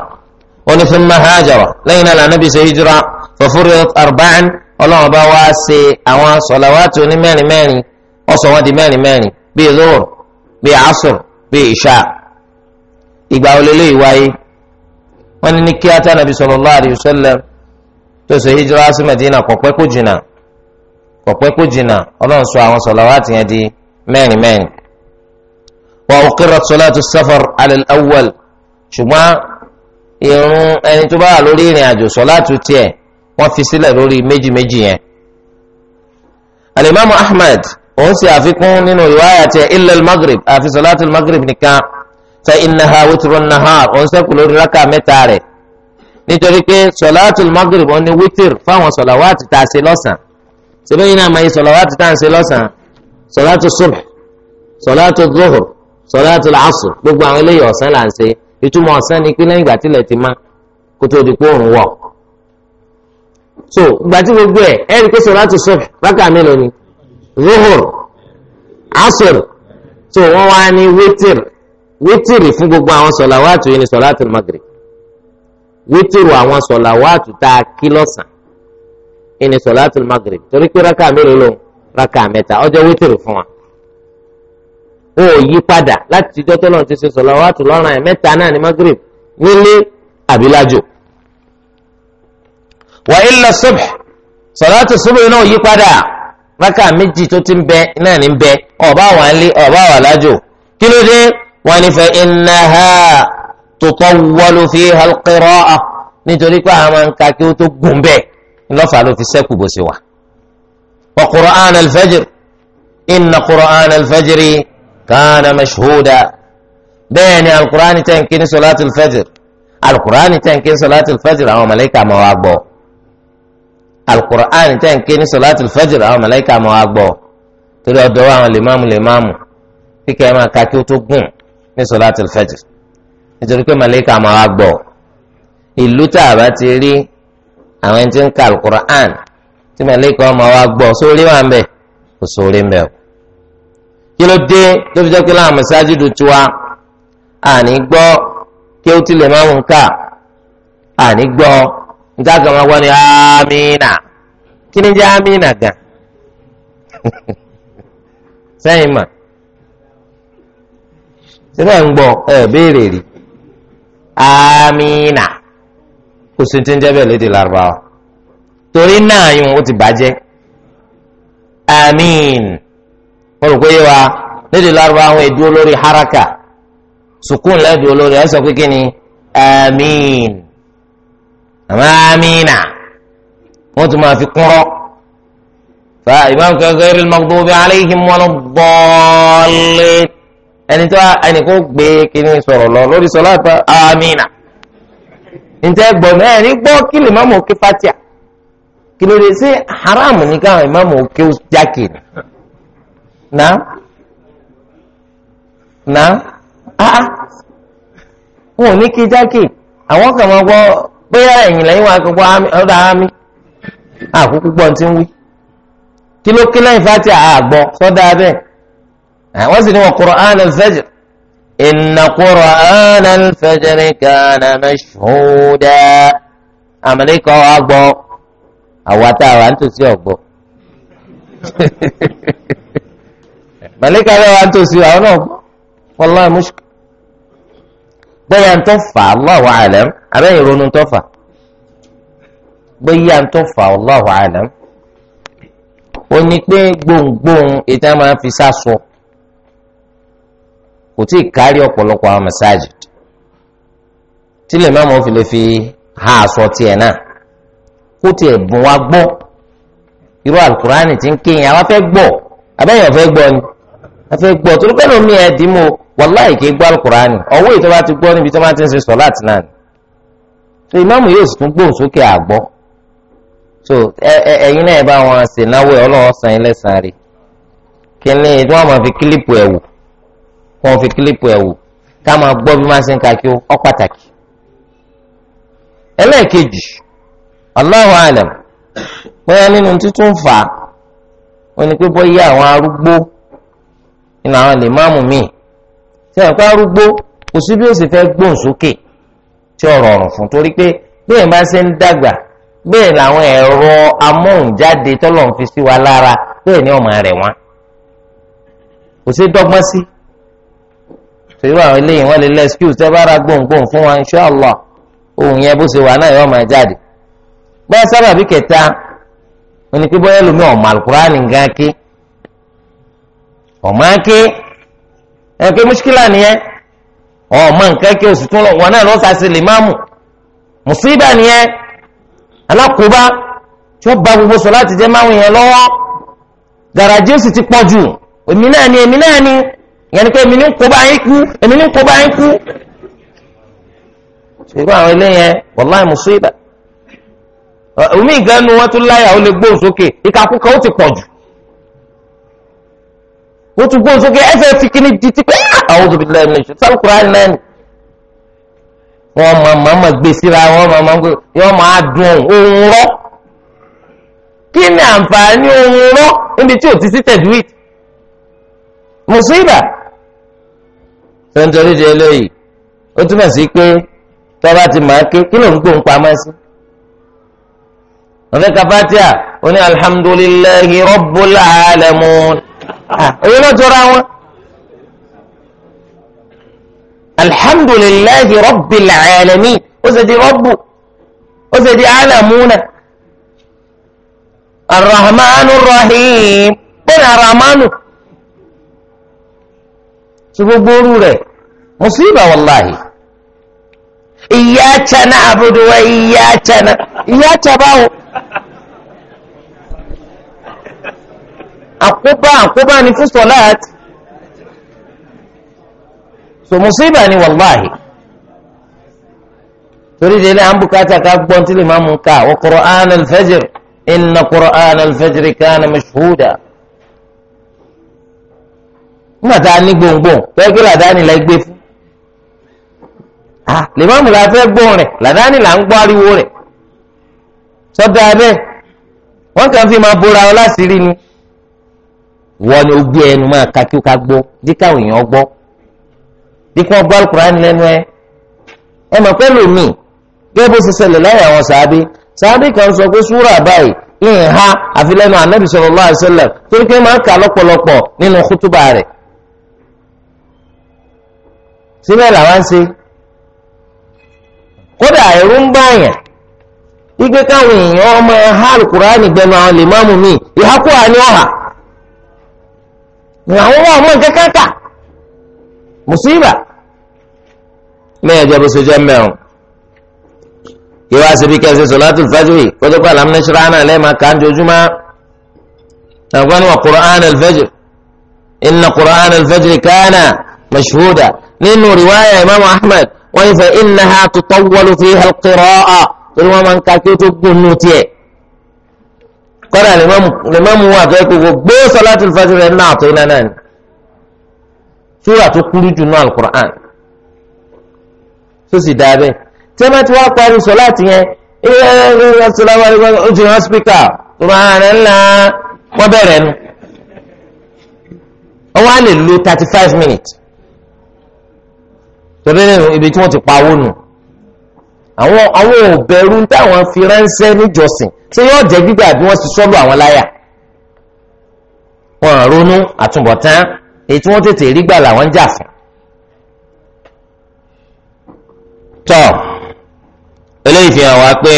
wọn fún mahajara lẹ́yìn náà lànà bí ṣe hijira fọfúri arba'an ọlọ́run bá wá ṣe àwọn sọ̀làwátì oní mẹ́rin mẹ́rin ọ̀sán wọn di mẹ́rin mẹ́rin bíi lóòrò bíi asùr bíi ìṣá ìgbà olólè ìwáyé wọn ní kí ata nàbí sallallahu alaihi wasallam tó ṣe hijira sí Madina kò kó jìnnà kò kó jìnnà ọlọ́run sọ àwọn sọ̀làwátì yẹn di mẹ́rin mẹ́rin irun ẹni tó bá wà lórí ìrìn àjò sọ̀láàtù tiẹ̀ wọ́n fi sílẹ̀ lórí méjì méjì yẹn. alimami ahmed òun ṣe àfikún nínú riwaya tiẹ̀ ilal maghrib àfi sọ̀láàtù maghrib nìkan fa innaha witrun nahar òun ṣẹ́kù lórí rákà mẹ́ta rẹ̀ nítorí pé sọ̀láàtù maghrib òun ni wítìr fáwọn sọ̀làwátì tá a ṣe lọ́sàn-án yìí náà máa yí sọ̀làwátì tá a ṣe lọ́sàn-án sọ̀láàtù subh sọ̀láàtù zuhur sọ̀láàtù asr gbogbo àwọn eléyìí ọ̀sán là ń ṣe ìtumọ̀ ọ̀sán ni pé lẹ́yìn ìgbà tílẹ̀ ti má kó tó di pé òun wọ̀ so ìgbà tí gbogbo ẹ̀ ẹ́ rí pé sọ̀rọ̀ ti sọ̀rọ̀ mélòó ni zuhur asr so wọ́n wá ní wítìrì wítìrì fún gbogbo àwọn sọ̀làwátù yìí ni sọ̀làtù magrib wítìrì àwọn sọ̀làwátù tá a kí lọ́sàn yìí ni sọ̀làtù magrib torí pé rákà mélòó lòun rákà mẹ́ta ọjọ́ wítìrì fún wa ó yí padà láti dọ́tọ́ náà ti ṣe sọ̀lá wàá tù lọ́rùn ẹ̀ mẹ́ta náà ní magrib nílé àbílájò. wà ilà subh sọ̀lá tó subh náà yí padà rákà méjì tó ti ń bẹ náà ní bẹ ọ̀bá wà ń lé ọ̀bá wà lájò kí ló dé wọn ní fa innaha tutawwalu fiha al-qira'ah nítorí pé àwọn ń ka kí ó tó gùn bẹ́ẹ̀ ńlọ́fà ló fi sẹ́kù bó ṣe wà. wa qur'an al-fajr inna qur'an al-fajri kana mashhuda bẹ́ẹ̀ ni alukurani tẹ̀ ń kí ní sọláàtì fẹ́jìr alukurani tẹ̀ ń kí ní sọláàtì fẹ́jìr àwọn mọ̀lẹ́kà máa wá gbọ́ alukurani tẹ̀ ń kí ní sọláàtì fẹ́jìr àwọn mọ̀lẹ́kà máa wá gbọ́ torí ọ̀dọ́ àwọn lèmáàmù lèmáàmù kíkẹ́ máa ka kí ó tó gùn ní sọláàtì fẹ́jìr nítorí pé mọ̀lẹ́kà máa wá gbọ́ ìlú tá a bá ti rí àwọn ẹni tí ń ka alukurani tí mọ̀lẹ́kà máa wá gbọ́ sórí wà ń bẹ̀ kò sórí ń bẹ̀ o kí ló dé tó fi jẹ́ pé láwọn mẹ́sáájì dùn tiwa àní gbọ́ kí ó tilẹ̀ máa ń kà àní gbọ́ níta kan máa wá ní amínà kí ni jẹ́ amínà gan sẹ́yìn mà síbẹ̀ ń gbọ́ ẹ béèrè rí amínà kò sí ti ń jẹ́ bẹ́ẹ̀ lédè lárúbáwá torí náà yun ó ti bàjẹ́ amínà mo rò pé yé wa lédè lárúbá àwọn èdè olórí haraka sukùn lẹ́bi olórí ẹ sọ pé kí ni amiin amiina wọ́n tún máa fi kúnrọ́ fa ìmáàmù kankan rí magdubi alayhim wọn bọ́ọ̀lì ẹni tó ẹni kó gbé kíní sọ̀rọ̀ lọ lórí sọlá ta amiina ǹjẹ́ gbọ́ mẹ́rin ní gbọ́ kí lè má mọ̀ kí fatia kí ló dé sí haram ní ìmáàmù kí jákè ni. na na ah wọn ah. ò ní kí jákè àwọn kan máa gbọ́ bóyá ẹ̀yìn lẹ́yìn wọn àkọ́kọ́ ọdọ àmì àkókò gbọ tí ń wí kí ló kí si fati àgbọ sọdọ abẹ àwọn sì ní wọn Qur'an al-fajr inna Qur'an al-fajr awata mashhuda àmàlẹ́kọ̀ àgbọ màlẹ́kà rẹ̀ wá tó sí àwọn náà wallahi mushkil bóyá ń fà Allahu a'lam abẹ́yìn ronú tó fà bóyá ń fà Allahu a'lam ìtàn máa fi sásọ kò tí ì kárí ọ̀pọ̀lọpọ̀ àwọn fi lè fi ha aṣọ tiẹ̀ náà kó tiẹ̀ bùn wá gbọ́ irú àlùkùránì tí ń kéèyàn àwa fẹ́ gbọ́ fẹ́ gbọ́ afẹ́ gbọ́ torí pé lómi ẹ̀ dì mọ́ wàláì kì í gbọ́ alukurani ọwọ́ èyí tó bá ti gbọ́ níbi tó bá ti ń ṣe sọ̀láàtì náà ni so ìmáàmù yóò sì tún gbóhùn sókè àgbọ́ so ẹ̀yin náà ẹ bá wọn ṣe náwó ẹ ọlọ́wọ́ san ilé san rí kíni tí wọ́n máa fi kílípù ẹ̀ wò wọ́n fi kílípù ẹ̀ wò ká máa gbọ́ bí máa ṣe ń ka kí ó pàtàkì ẹlẹ́ẹ̀kejì Allahu alam pé nínú títún fà á ó ní pé bóyá àwọn arúgbó ní àwọn lè máàmù ṣe ẹ̀ka arúgbó kò sí bí ó sì fẹ́ gbóhùn sókè tí ọ̀rọ̀ fún torí pé bẹ́ẹ̀ máa ṣe ń dàgbà bẹ́ẹ̀ làwọn ẹ̀rọ amóhùnjáde tọ́lọ̀ ń fi sí wa lára bẹ́ẹ̀ ni ọmọ rẹ̀ wọ́n kò sí dọ́gbọ́n sí torí àwọn eléyìí wọn lè lẹ́ excuse tẹ́ bá ra gbóhùngbóhùn fún wa ohun yẹn bó ṣe wà náà ọmọ jáde bẹ́ẹ̀ sábàbí kẹta onípẹ́ bọ́yá lomi ọmọ ake ẹ pé muskila nìyẹn ọmọ nǹkan kí oṣù tún lọ wọn náà lọ sàṣẹ lè má mú mùsíbà nìyẹn alákòóbá tí wọn bá gbogbo sọ láti jẹ máwùn yẹn lọ́wọ́ gàràjì ó sì ti pọ̀ jù èmi náà ni èmi náà ni ìyẹn ni pé èmi ní ń kóbá yín kú èmi ní ń kóbá yín kú ṣùgbọ́n àwọn eléyẹn wàláì mùsíbà omi ìgbẹ́nu wọn tún láyà ó lè gbóhùn sókè ìkàkùkà ó ti pọ̀ jù ó tún gbóhùn sókè ẹsẹ̀ ti kíni di ti pé àwọn òbí lẹ́nu ìṣe sálùkùrá lẹ́nu. wọ́n mọ̀ mọ̀ mọ̀ gbé síra wọ́n mọ̀ mọ̀ gbé yọ́n máa dùn ohun rọ́ kí ni àǹfààní ohun rọ́ níbi tí ò ti sí tẹ̀dúwìt mùsùlùmí. ṣé ń torí di eléyìí ó túmọ̀ sí pé tọ́ba ti máa ké kí ló ń gbóhùn pamọ́ sí ọ̀fẹ́ kafatia ó ní alhamdulillahi rabbil alamin. أه. ايه لو الحمد لله رب العالمين وزي دي ربه وزي عالمونة الرحمن الرحيم بنا رحمانه شبه بروره مصيبة والله إياتنا نعبد وإياتنا إياتنا àkóbá àkóbá ni fún sọláàt so musiba ni wàláhì torí délé à ń bukata ká gbọ́n tí lè máa mú ká wa qur'an al-fajr inna qur'an al-fajr kana mashhuda nígbà tá a ní gbòǹgbòǹ bẹ́ẹ̀ kí làdáni la gbé fún lè má mú la fẹ́ rẹ̀ làdáni là ń gbọ́ ariwo rẹ̀ sọ́dọ̀ abẹ́ wọ́n kàn fi máa bora ọ láṣìírí ni wọ́n ni ó gbé ẹnu máa ka kí ó ka gbọ́ díkà òyìn ọgbọ́ díkà ọgbọ́ alukur'an lẹ́nu ẹ ẹ mọ̀ pẹ́lú mi gẹ́gẹ́ bó ṣe ṣẹlẹ̀ láyé àwọn sàábé sàábé kan sọ pé súrà báyìí ìhìn ha àfi lẹ́nu anabi sallallahu alaihi wasallam torí pé máa ń kà lọ́pọ̀lọpọ̀ nínú kútúbà rẹ̀ síbẹ̀ làwọn ṣe kódà ẹ̀rú ń báyàn wípé káwọn èèyàn ọmọ ẹ̀ ha alukur'an gbẹnu àwọn àwọn wọn àwọn nǹkan kẹta mùsíbà lẹ́yìn ẹjẹ bó ṣe jẹ mẹrun yóò wá síbi kẹsì sọláàtù fẹjúwì kótó kọ àlámúná ṣẹlẹ àná lẹẹma ká njojúmọ àgbọn wa qur'an al-fajr inna qur'an al-fajr kana mashhuda nínú riwaya imaamu ahmed wọn yìí fẹ innaha tutawwalu fiha al-qira'a torí wọn máa ń ka kí ó tó gbónú tiẹ̀. kọ́dà lèmọ́mù wọn àtọ́ ẹ̀kọ́ gbogbo sọláàtì fásitì rẹ̀ náà tó iná náà ni súrà tó kúrú jù náà alukur'an tó sì dáa bẹ́ẹ̀ tẹ́lẹ̀ tí wọ́n parí sọláàtì yẹn ilé ẹ̀rọ asalaamu alaykum ó ti hàn spíkà tó máa rẹ̀ ńlá wọ́n bẹ̀rẹ̀ nu ọwọ́ á lè lo thirty five minutes torí ibi tí wọ́n ti pa owó nù àwọn àwọn òbẹ̀rù táwọn fi ránṣẹ́ níjọsìn tí yóò jẹ́ gbígbà bí wọ́n ti sọ́lù àwọn láyà wọn ronú àtúbọ̀tán èyí tí wọ́n tètè rí gbà làwọn ń jà fún. tọ́ eléyìí fi hàn wá pé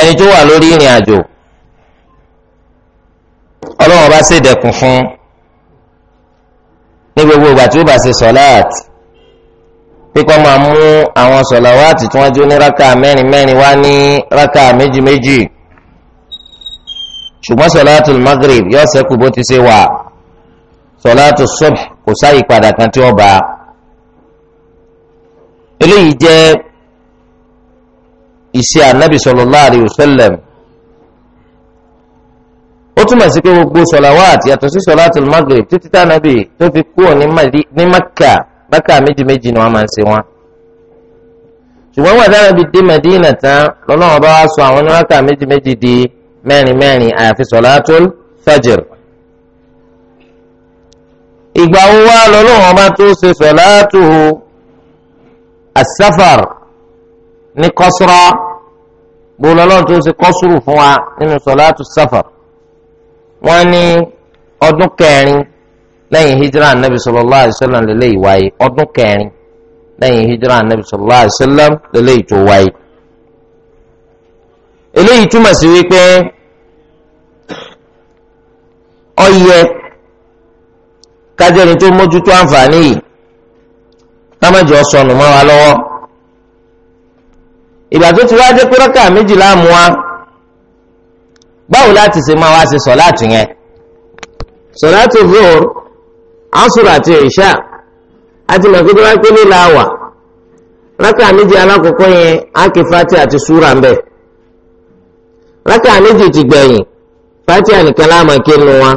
ẹni tó wà lórí ìrìn àjò ọlọ́run bá ṣèdẹ̀kùn fún ní gbogbo ìgbà tí ó bá ṣe sọ́láàtì kíkọ́ máa mú àwọn sọ̀làwátì tí wọ́n jó ní rákà mẹ́rin mẹ́rin wá ní rákà méjì méjì ṣùgbọ́n sọ̀làtù magrib yóò ṣẹ́kù bó ti ṣe wà sọ̀làtù subh kò sáyì padà kan tí ó bá eléyìí jẹ́ ìṣe ànábì sallallahu alaihi wasallam ó túmọ̀ sí pé gbogbo sọ̀làwátì yàtọ̀ sí sọ̀làtù magrib títí tá ànábì tó fi kúrò ní Makka rákà méjì méjì ni wọ́n máa ń ṣe wọn. ṣùgbọ́n wọ́n dára bíi dé Madina tán lọ́lọ́wọ́n bá wá sọ àwọn ní rákà méjì méjì di mẹ́rin mẹ́rin àyàfi sọ̀látùl fajr. ìgbà wo wá lọ́lọ́wọ́n bá tó ṣe sọ̀látù asafar ní kọ́sùrọ̀ bó lọ́lọ́wọ́n tó ṣe kọ́sùrù fún wa nínú sọ̀látù safar. wọ́n ní ọdún kẹrin. lẹ́yìn hijira anabi sallallahu alayhi wa sallam lele ìwáyé ọdún kẹrin lẹ́yìn hijira anabi sallallahu alayhi wa sallam lele ìtò wáyé. eléyìí túmọ̀ sí wípé ọyẹ kájẹni tó mójútó àǹfààní yìí támájì ọsọnù mọ́ wa lọ́wọ́ ìgbà tó ti wá jẹ́ kúrọ́kà méjìlá mu wa báwo láti ṣe máa wá ṣe sọ láti yẹn asùrù àti ìṣá àti màkì tó bá pé líla wà rákà méjì alákòókò yẹn ákè fati àti súra ń bẹ rákà méjì ti gbẹ̀yìn fati ànìkan láàmà kí nu wa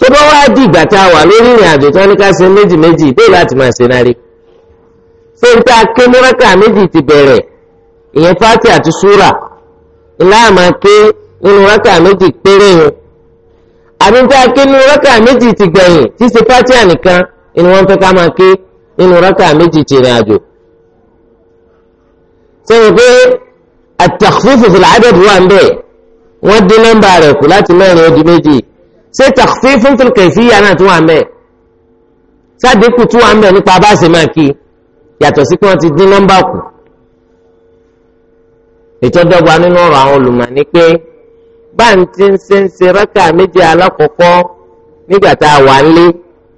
tó bá wá di ìgbà tá a wà lórí ìrìn àjò tó ní ká ṣe méjì méjì bẹ́ẹ̀ láti máa ṣe náà ṣé n ta ké ní rákà méjì ti bẹ̀rẹ̀ ìyẹn fati àti súra ńlá ké nínú rákà méjì péré yẹn àbí ń tá a ké nínú rákà méjì ti gbẹ̀yìn tí ṣe fátíà nìkan inú wọn fẹ́ ká máa ké nínú rákà méjì ti rìn àjò. sẹ́yìn pé àtàkùfífù fìlà àdàdù wà ń bẹ̀ wọ́n dín nọ́mbà rẹ̀ kù láti mẹ́rin ó di méjì ṣé tàkùfífù fìlà kẹ̀síyà náà tún wà ń bẹ̀ sádẹ́kù tún wà ń bẹ̀ nípa bá a ṣe máa ké yàtọ̀ sí pé wọ́n ti dín nọ́mbà kù. ìtọ́dọ́gba nínú ọ̀rọ̀ àwọn olùmọ̀ báńtí ń ṣe ń ṣe rákà méjì alákọ̀ọ́kọ́ nígbà tá a wà nílé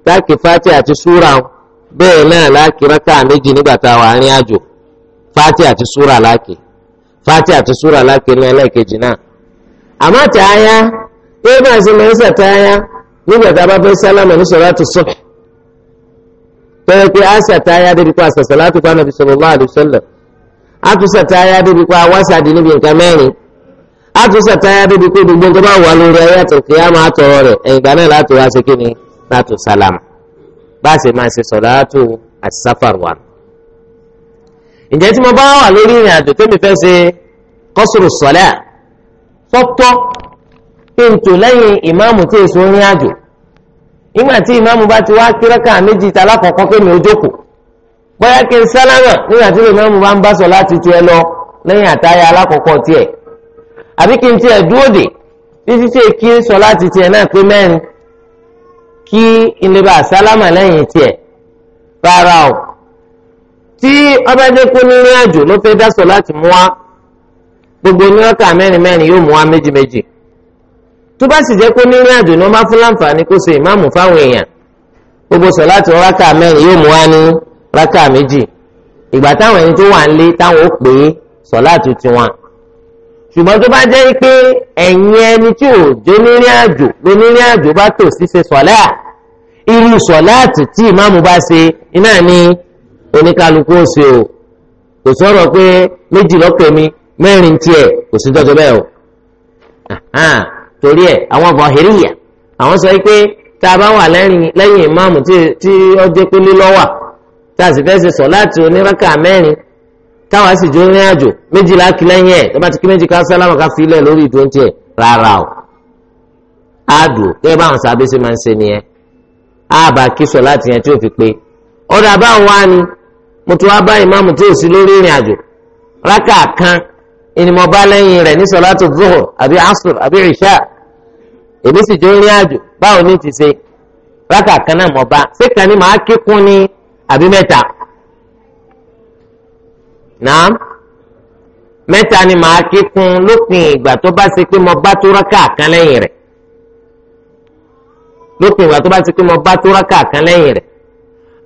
láàkì fati àti súra bẹ́ẹ̀ náà láàkì rákà méjì nígbà tá a wà ní àjò fati àti súra láàkì fati àti súra láàkì ní ẹlẹ́ẹ̀kejì náà. àmọ́ tá a yá bí bá a ṣe máa ń ṣàtá a yá nígbà tá a bá fẹ́ sálámà ní sọ̀rọ̀tù sùn. tẹ́lẹ̀ pé a ṣàtá a yá débi pa àṣàṣà láti pa Ànábì sallallahu alaihi wasallam. àtúnṣe taya débi pé gbogbo nke bá wà lórí ayé àtòkè á máa rẹ̀ ẹ̀yìn ìgbà náà láti wá sí kí ni láti a sì máa ṣe sọ̀láàtù ǹjẹ́ tí mo bá wà lórí ìrìn àjò fẹ́ ṣe kọ́sùrù sọ̀lẹ́ kí n tò lẹ́yìn ìmáàmù tí èso ń rìn àjò tí ìmáàmù bá ti wá kírẹ́kà méjì pé mi ò jókòó àbí kí n tiẹ̀ dúró dè títí tí kí n sọ láti tiẹ̀ náà pé mẹ́rin kí n lè bá sálámà lẹ́yìn tiẹ̀ rárá o tí ọbẹ̀dé kú nínú àjò ló fẹ́ dá sọ láti mú wa gbogbo ní ọ̀kà mẹ́rin mẹ́rin yóò mú wa méjì méjì tó bá sì jẹ́ pé nínú àjò ni wọ́n bá fún láǹfààní kó so ìmáàmù fáwọn èèyàn gbogbo sọ láti rákà mẹ́rin yóò mú wa ní rákà méjì ìgbà táwọn ẹni tó wà ń lé táwọn ó pè é sọ láti tiwọn ṣùgbọ́n tó bá jẹ́ pé ẹ̀yin ẹni tí ò jẹ́ nírìn àjò lónírìn àjò bá tò ṣíṣe sọ̀lá irú sọ̀láàtì tí ìmáàmù bá ṣe iná ní oníkálukú ó ṣe o kò sọ̀rọ̀ pé méjì lọ́pẹ̀ mi mẹ́rin tiẹ̀ kò sí dọ́jọ́ bẹ́ẹ̀ o torí ẹ̀ àwọn ọ̀bọ̀n hìríyà àwọn sọ pé tá a bá wà lẹ́yìn ìmáàmù tí ó jẹ́ pé lílọ́wà tá a sì fẹ́ ṣe sọ̀láàtì onírákà mẹ́rin káwọn sì jó rìn àjò méjìlá kí lẹ́yìn ẹ̀ tó bá ti kí méjì ká sálámà ká filẹ̀ lórí ìdúró ń tiẹ̀ rárá o àdùn kẹ́ bá àwọn sábẹ́ sí máa ń ṣe nìyẹn àbá kí sọ láti yẹn tí ò fi pé ọ̀dà báwọn wá ni mo tún wá bá ìmáàmù tí ò sí lórí ìrìn àjò rákà kan ìnìmọ̀ bá lẹ́yìn rẹ̀ ní sọ̀látù zuhur àbí asr àbí ìṣá èmi sì jó rìn àjò báwo ní ti ṣe rákà kan náà mọ̀ bá ṣé kan ní màá kíkún naa mẹta ni màá kí kún lópin ìgbà tó bá ṣe pé mo bá tó rákà kan lẹ́yìn rẹ̀ lópin ìgbà tó bá ṣe pé mo bá tó rákà kan lẹ́yìn rẹ̀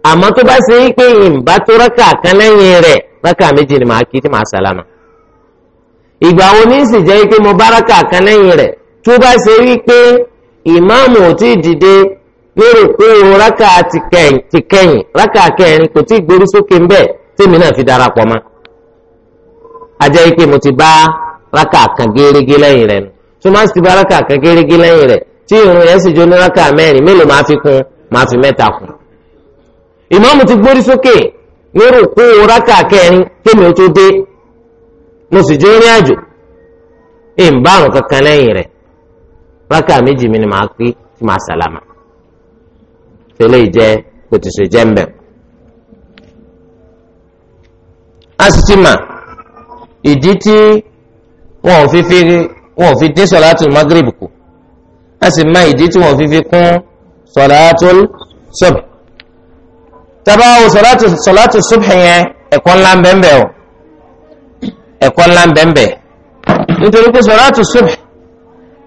àmọ́ tó bá ṣe pé ìbá tó rákà kan lẹ́yìn rẹ̀ rákà méjì ni màá kí tí màá sàlámà ìgbà wo ní sì jẹ́ pé mo bá rákà kan lẹ́yìn rẹ̀ tó bá ṣe ìmáàmù ò tí ì dìde ti kẹyìn rákà kò tí ajẹ́ ike mo ti bá raka kan gérégé lẹ́yìn rẹ̀ nù tó máa ń ti bá raka kan gérégé lẹ́yìn rẹ̀ tí irun yẹn sì jó ní raka mẹ́rin mélòó máa fi kún máa fi mẹ́ta ti gbórí sókè nírò kó rákà kẹrin kémi tó dé mo sì jó rìn àjò ìbárun kankan lẹ́yìn rẹ̀ rákà méjì mi ni màá pé tí màá sàlámà tẹ́lẹ̀ jẹ́ jẹ́ ìdí tí wọn ò fi fi wọn ò fi dín sọ̀látùl magrib kù a sì má ìdí tí wọn ò fi fi kún sọ̀látùl subh tàbá wo sọ̀látùl subh yẹn ẹ̀kọ́ ńlá bẹ́ẹ̀ o ẹ̀kọ́ ńlá bẹ́ẹ̀ nítorí pé sọ̀látùl subh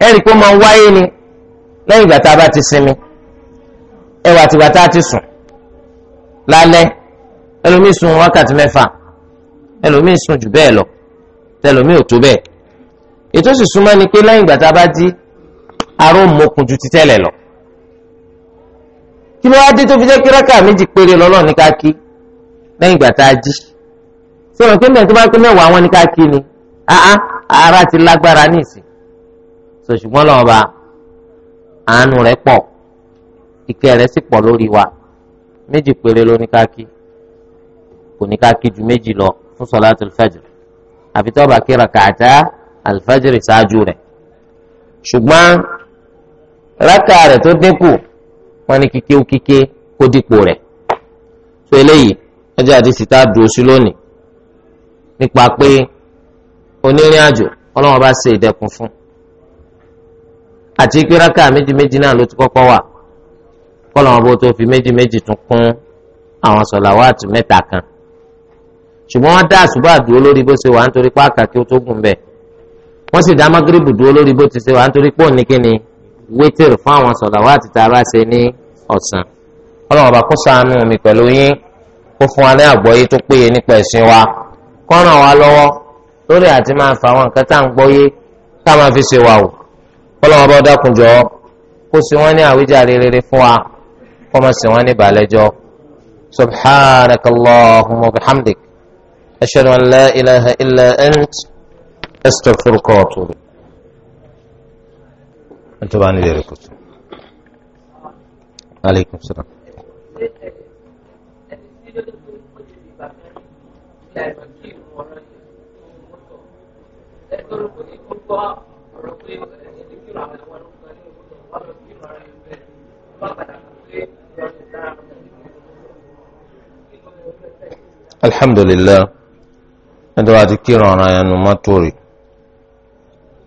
ẹ̀rì pé máa wáyé ni lẹ́yìn ìgbà tá a bá ti sinmi ẹwà tìgbà tá a ti sùn lálẹ́ ẹlòmíì sùn wákàtí mẹ́fà ẹlòmíì sùn jù bẹ́ẹ̀ lọ tẹlomi ò tó bẹ́ẹ̀ ètò sì súnmọ́ ni pé lẹ́yìn ìgbà tá a bá jí aró mokùn ju ti tẹ́lẹ̀ lọ kí ló wá dé tó fi jẹ́ kí méjì péré lọ́lọ́ ní ká kí ìgbà tá a jí sọ̀rọ̀ pé mẹ́rin bá pé mẹ́wàá wọn ní ká kí ni ara ti lágbára ní ìsìn sọ ṣùgbọ́n lọ́wọ́ bá àánú rẹ̀ pọ̀ ìkẹ́ rẹ̀ sì pọ̀ lórí wa méjì péré ló ní ká kò ní ká ju méjì lọ fún sọ̀látul fajr àfi tó bá kíra kàtà alifájìrì ṣáájú rẹ̀ ṣùgbọ́n rákà rẹ̀ tó dínkù wọ́n ní kíké ó kíké kó dípò rẹ̀ tó eléyìí ọjọ́ àti sìta dùn sí lónìí nípa pé onírìn àjò ọlọ́wọ́n bá ṣe ìdẹ̀kùn fún àti pé rákà méjì méjì náà ló ti kọ́kọ́ wà kọ́lọ́wọ́n bó tó fi méjì méjì tún kún àwọn sọ̀làwátì mẹ́ta kan ṣùgbọ́n wọ́n dá àṣùbà dúró lórí bó ṣe wà nítorí páàkà kí ó tó gùn bẹ́ẹ̀ wọ́n sì dá magrebu dúró lórí bó ti ṣe wà nítorí pò ní kíni wétìrì fún àwọn sọ̀làwá àti tààrà ṣe ní ọ̀sán ọlọ́run ọba kó ṣàánú mi pẹ̀lú yín kó fún wa ní àgbọ́yé tó péye nípa ẹ̀sìn wa kó ràn lọ́wọ́ lórí àti máa fa àwọn nǹkan tá à ń gbọ́yé ká máa fi ṣe wà o ọlọ́run ọba dákun jọ̀ọ́ kó ṣe wọ́n ní أشهد أن لا إله إلا أنت أستغفرك وأتوب أنت بعني بيركض عليكم السلام الحمد لله nítorí àti kírun ọ̀ràn yẹn nu mọ́tò rè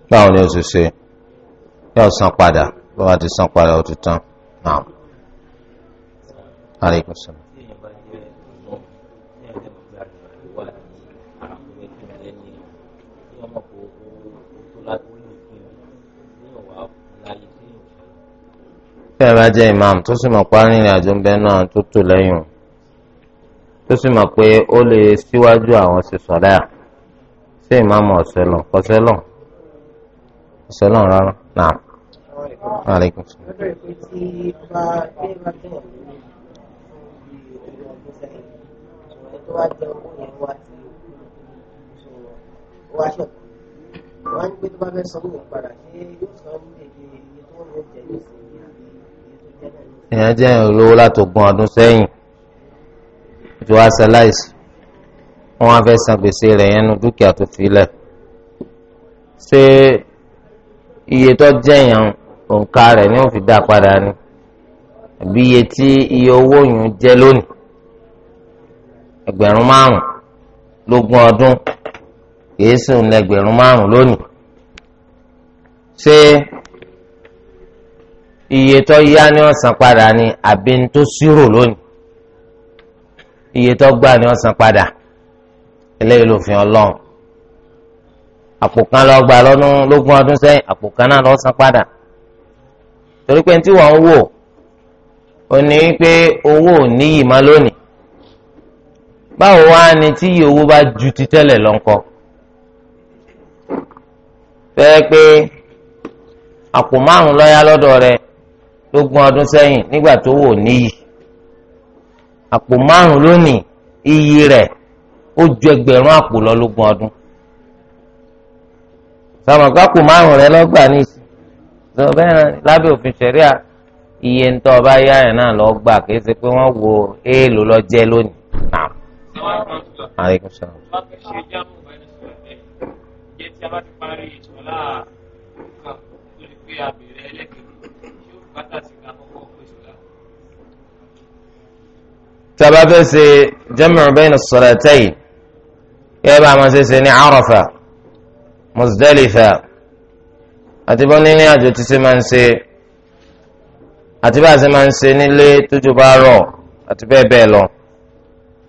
báwo ni o ṣe ṣe yóò san padà bó bá ti san padà ó tán náà. aleykum salaam. bí ẹ bá jẹ́ imam tó sì mọ̀ parí ìrìn àjò ń bẹ náà tó tò lẹ́yìn o tó sì mọ̀ pé ó lè síwájú àwọn ṣe sọ̀rọ̀ yà ṣé ìmáàmù ọ̀sẹ̀lọ̀ kọ́sẹ́lọ̀ ọ̀sẹ̀lọ̀ rárá náà. Aleykum salaam náà. ìyẹn jẹ́ ìrówó láti ọdún sẹ́yìn fi wá ṣaláìsì wọn á fẹ́ san gbèsè rẹ̀ yẹn nu dúkìá tó fi lẹ̀ ṣé iye tó jẹ̀yàn òǹkà rẹ̀ ni wọ́n fi dá padà ni àbí iye tí iye owó yìí jẹ́ lónìí ẹgbẹ̀rún márùn lógún ọdún kìí sùn lẹ́gbẹ̀rún márùn lónìí ṣé iye tó yá ni wọ́n san padà ni àbí ní tó ṣírò lónìí iye tó gbà ni wọ́n san padà eléyìí lòfin ọlọ́run àpò kan lọ gbà lọ́dún lógún ọdún sẹ́yìn àpò kan náà lọ san padà torí pé tí wọ́n ń wò ó ní pé owó ò níyì má lónìí báwo wá ni tí iye owó bá ju ti tẹ́lẹ̀ lọ ńkọ́ fẹ́ẹ́ pé àpò márùn-ún lọ́yà lọ́dọ̀ rẹ lógún ọdún sẹ́yìn nígbà tó wò níyì àpò márùn lónìí iyì rẹ̀ ó ju ẹgbẹ̀rún àpò lọ lógún ọdún sọmọkọ àpò márùn rẹ̀ lọgbà ní ìsìn tó bẹ́ẹ̀ lábẹ́ òfin ṣẹ̀ríà iye ń tọ́ ọba yá ẹ̀ náà lọ gbà kì ṣe pé wọ́n wo èèlò lọ jẹ́ lónìí. Aleykum tàbá fẹ́ ṣe jam'u bayna salatayn yẹ́n bá máa ṣe ṣe ní Arafa Muzdalifa àti bọ́ níní àjò tí ṣe máa ń ṣe àti bá ṣe máa ń ṣe nílé tójú bá rọ̀ àti bẹ́ẹ̀ bẹ́ẹ̀ lọ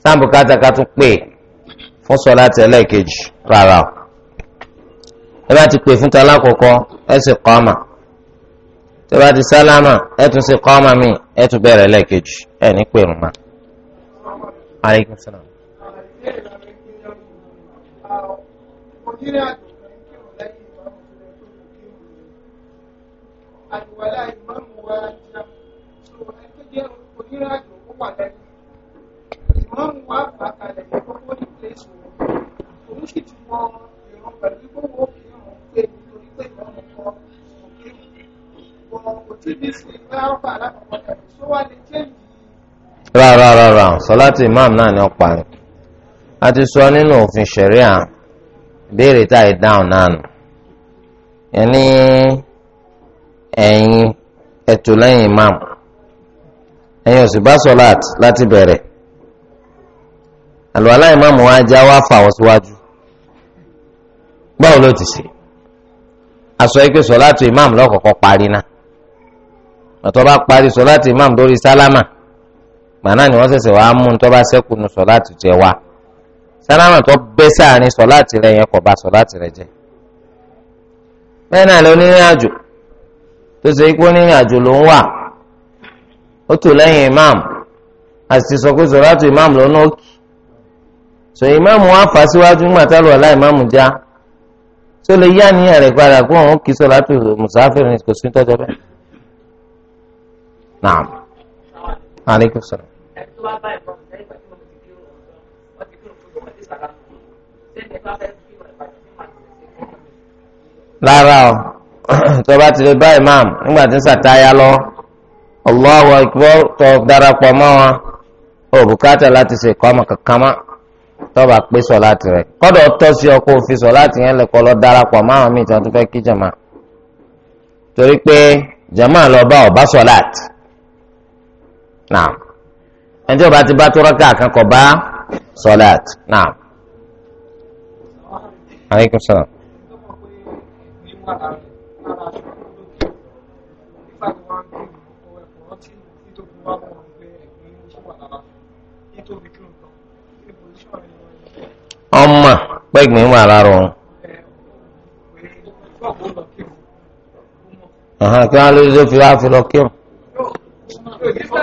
sáàbù kátàkà tún pè fún sọ̀láàtì ẹlẹ́ẹ̀kejì rárá o ẹ bá ti pè fún tala kọ̀ọ̀kan ẹ sì kọ́ọ̀mà tẹ bá ti sálámà ẹ tún sì kọ́ọ̀mà míì ẹ tún bẹ̀rẹ̀ ẹlẹ́ẹ̀kejì ẹ ní pèrùn máa aleykum salaam. àlùwàlá ìgbà ọ̀pá alákọ̀ọ́kọ́ tàbí tó wà lè jẹ́ǹdì rárá rárá sọláàtì imam náà ni ó parí a ti sọ nínú òfin ṣẹ̀ríà béèrè tá ì dáhùn náà nù ẹni ẹ̀yin ẹ̀tù lẹ́yìn imam ẹ̀yin òsì bá sọláàtì láti bẹ̀rẹ̀ àlùwàlá imam wa já wá fà wọ́n síwájú báwo ló ti ṣe aṣọ ike sọláàtì imam lọ́kọ̀ọ̀kan parí náà àtọ́ bá parí sọláàtì imam lórí sálámà gbàná ni wọ́n ṣẹ̀ṣẹ̀ wàá mú un tó bá ṣẹ́kù nu sọ̀láàtì jẹ wá sálámà tó bẹ́ sáàrin sọ̀láàtì rẹ yẹn kò bà sọ̀láàtì rẹ jẹ́ bẹ́ẹ̀ náà lọ onírìn àjò tó ṣe ikú onírìn àjò ló ń wà ó tò lẹ́yìn imam àti ti sọ pé sọ̀láàtì imáàmù ló ná òkì sọ imáàmù wa fà síwájú gbàtàlù ọ̀la imáàmù já tó lè yá ní ẹ̀rẹ̀ padà kó òun kì í sọ̀láàtì mùsàáfìrì kò sí tọ́jọ́ bẹ́ẹ̀. Naam. aleykum salaam. rárá o tó imam nígbà tí ń lọ Allahu Akbar tó darapọ̀ mọ́ wọn ò bùkátà láti ṣe ìkọ́mọ kankan kama tó bá pé sọ láti rẹ̀ kọ́dọ̀ tọ́ sí ọkọ̀ òfin lọ darapọ̀ mọ́ naam ẹni ọba ti bá tó rákà kan bá sọlát naam. ọmọ pẹ́gbìn wà lára òun. kí wọ́n fi wá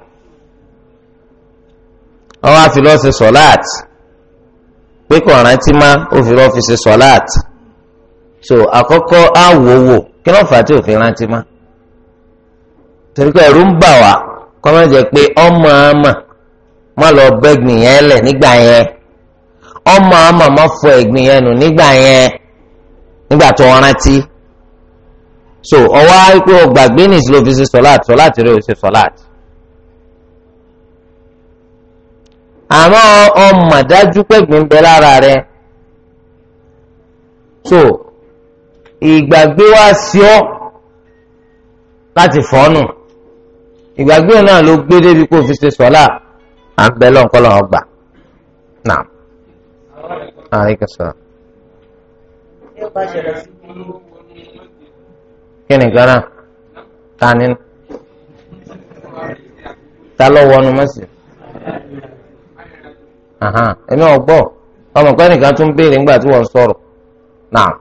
wọ́n wá fi lọ́ọ́ ṣe sọ́láàt pé kò rántí má ó fi lọ́ọ́ fi ṣe sọ́láàt so àkọ́kọ́ àwòwò kí ló fà á tí ò fi rántí má torí pé ẹ̀rù ń bà wá kọ́ má jẹ́ pé ọmọ àmà má lọ bẹ́gbìn yẹn lẹ̀ nígbà yẹn ọmọ àmà má fọ ẹ̀gbìn yẹn nù nígbà yẹn nígbà tó rántí so ọwọ́ àìpé ọgbàgbé nìsí ló fi ṣe sọ́láàt sọ́láàt rẹ̀ ò ṣe sọ́láàt. àmọ́ ọmọ dájú pẹ̀gbìn bẹ lára rẹ so ìgbàgbé wá sí ọ láti fọ́nù ìgbàgbé náà ló gbé débi kó fi ṣe sọ́lá à ń bẹ lọ́nkọ́lọ́ ọgbà náà gánà ta ta ló wọnú mọ́sí. ẹ̀mí ọgbọ́ ọmọ kan nìkan tún béèrè ńgbà tí wọ́n sọ̀rọ̀ náà.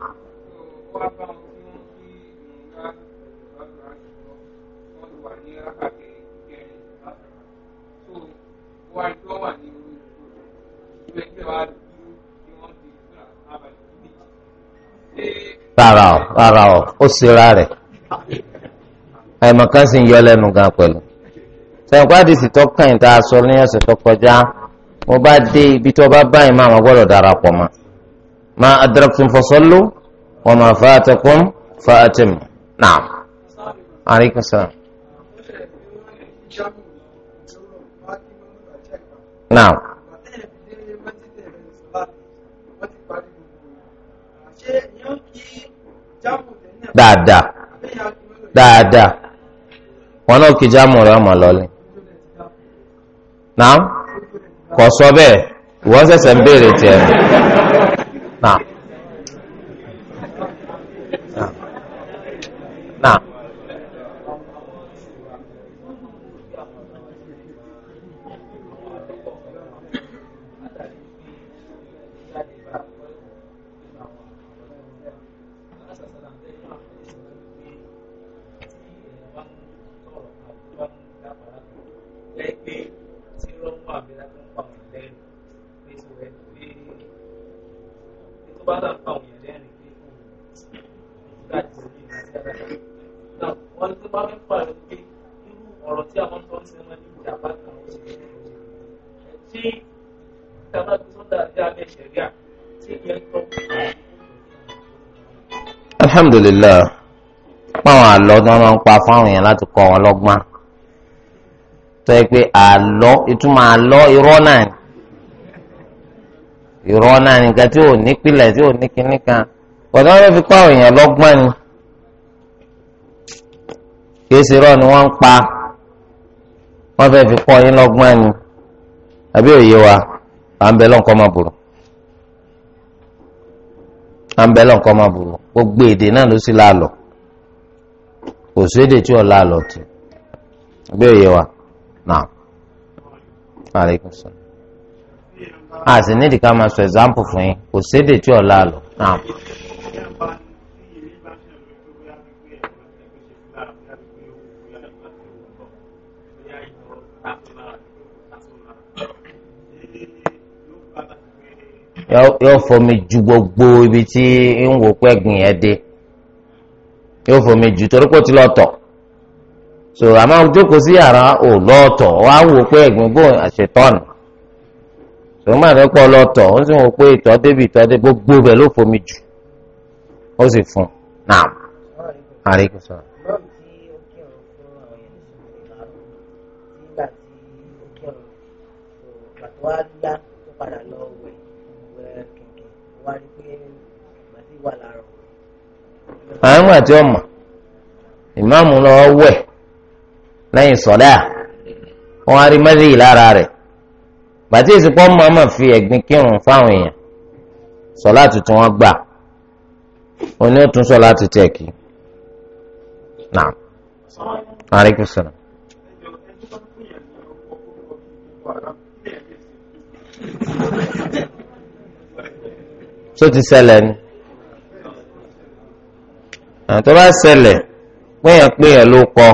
rárá o rárá o ó àìmọ̀kan sì ń yọ lẹ́nu gan pẹ̀lú. àdìsí tọ́kàn ìta aṣọ ní ọ̀sẹ̀ tó kọjá. ọba dé ibi tí ọba báyìí máa wọn gbọ́dọ̀ darapọ̀ mọ́ ma adraktum fasallu wa ma fatakum fa'atim naam alaikum salaam. naam. dáadáa dáadáa wọn náà kì í jámù rẹ ọmọ lọlẹ naam kò sọ bẹ́ẹ̀ wọ́n ṣẹ̀ṣẹ̀ ń béèrè tiẹ̀ nà. nà. bá náà fún àwọn èèyàn lẹ́rìn pé láti ní ìdájọ́ náà wọ́n ní tó bá fẹ́ fà ló pé irú ọ̀rọ̀ tí àwọn tó ń sin wọn ní ìjàmbá kan ó ṣe ṣe ìjàmbá tó tó dáadáa lè ṣẹ̀ríà tí ìyẹn tó. alhamdulilayi páwọn àlọ́ tí wọ́n máa ń pa fáwọn èèyàn láti kọ́ wọn lọ́gbọ́n tó yẹ pé àlọ́ ìtumọ̀ àlọ́ irọ́ náà ni. ìrọ̀ náà nìkan tí ò ní pilẹ̀ tí ò ní kan pọ̀tọ́ wọn fi ni kìí ṣe ni wọ́n ń pa wọ́n fẹ́ fi kọ́ ni àbí òye wa à ń bẹ lọ́nkọ́ máa bùrù à ń bẹ lọ́nkọ́ máa bùrù gbogbo èdè náà ló sì láàlọ́ kò sí èdè tí ò a sì nídìí ká máa sọ example fún yín kò séde tí ọ̀la lọ. yóò fomi ju gbogbo ibi tí ń wò pé gbìn yẹn dé yóò fomi ju torí pé ó ti lọ tọ̀ so àmọ́ ojókòó sí yàrá ò lọ́ọ̀tọ̀ wá wò pé ẹ̀gbìn gbòòrùn àṣetọ́nù. tòun máa fẹ́ pọ̀ lọ́tọ̀ ó sì wọ́n pé ìtọ́ débi ìtọ́ débi gbogbo bẹ̀ ló fomi jù ó sì fún un náà àríkùn sọ. wá àti ọmọ ìmáàmù lọ wẹ̀ lẹ́yìn sọ̀dá wọn á rí mẹ́rì lára gbàtí ìsìnkú ọmọ ọmọ fi ẹ̀gbin kírun fáwọn èèyàn sọlá tuntun wọn gbà oní òtún sọlá tuntun ẹ̀kí náà àríkù sọ̀rọ̀. tó ti ṣẹlẹ̀ ni àtọ́ bá ṣẹlẹ̀ péyàn péyàn ló kọ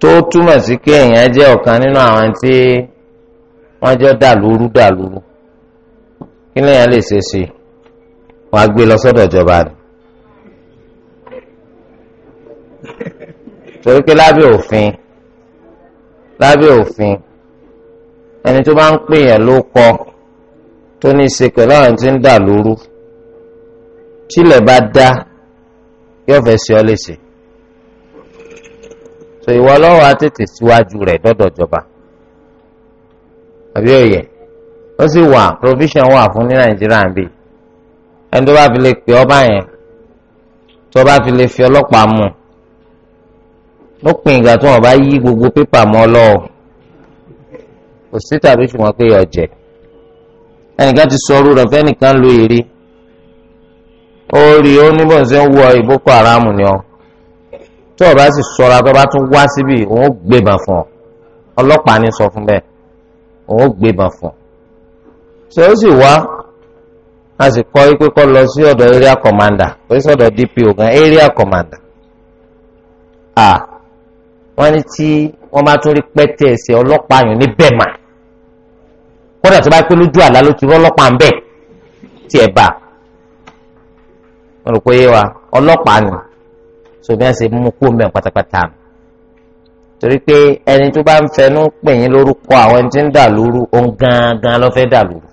tó túmọ̀ sí kéèyàn jẹ́ ọ̀kan nínú àwọn tí wọ́n jọ dàlúrú dàlúrú kí lẹ́yìn á lè ṣe sí i wọ́n á gbé lọ sọ́dọ̀ ìjọba rẹ̀ torí pé lábẹ́ òfin lábẹ́ òfin ẹni tó bá ń pè yẹn ló kọ tó ní í ṣe pẹ̀lú àwọn tí ń dàlúrú tílẹ̀ bá dá yóò fẹ́ ṣe ọ léṣe so ìwọ lọ́wọ́ á síwájú rẹ̀ dọ́dọ̀ ìjọba àbí òye ó sì wà provision wà fún ní nàìjíríà ń bì ẹni tó bá fi lè pè ọ́ báyẹn tó bá fi lè fi ọlọ́pàá mú ó pin ìgbà tó wọn bá yí gbogbo pépà mọ́ lọ́wọ́ kò sí tàbí ṣùgbọ́n pé ọ̀jẹ̀ ẹnìkan ti sọ ọrú rẹ̀ fẹ́nìkan lu ìrí ó rí ó ní bọ́n ṣe ń wọ ìboko haram ni ọ tó o bá sì sọra tó o bá tún wá síbi òun ó gbébọn fún ọ ọlọ́pàá ní sọ fún bẹ́ẹ̀. O gbébọn fún ṣé ó sì wá a sì kọ́ pé kọ́ lọ sí ọ̀dọ̀ area commander pé sọ̀dọ̀ DPO area commander à wọ́n ní tí wọ́n bá tún rí pẹ́tẹ́ ẹsẹ̀ ọlọ́pàá yàn níbẹ̀ mà kódà tó bá pé lójú àlá ló ti rọ́ ọlọ́pàá ń ẹ wọn rò pé wa ọlọ́pàá ni sọ mú kó mẹ́ torí pé ẹni tó bá ń fẹnu pè yín lórúkọ àwọn ẹni tí ń dà lóru òun gangan ló fẹ́ dà lóru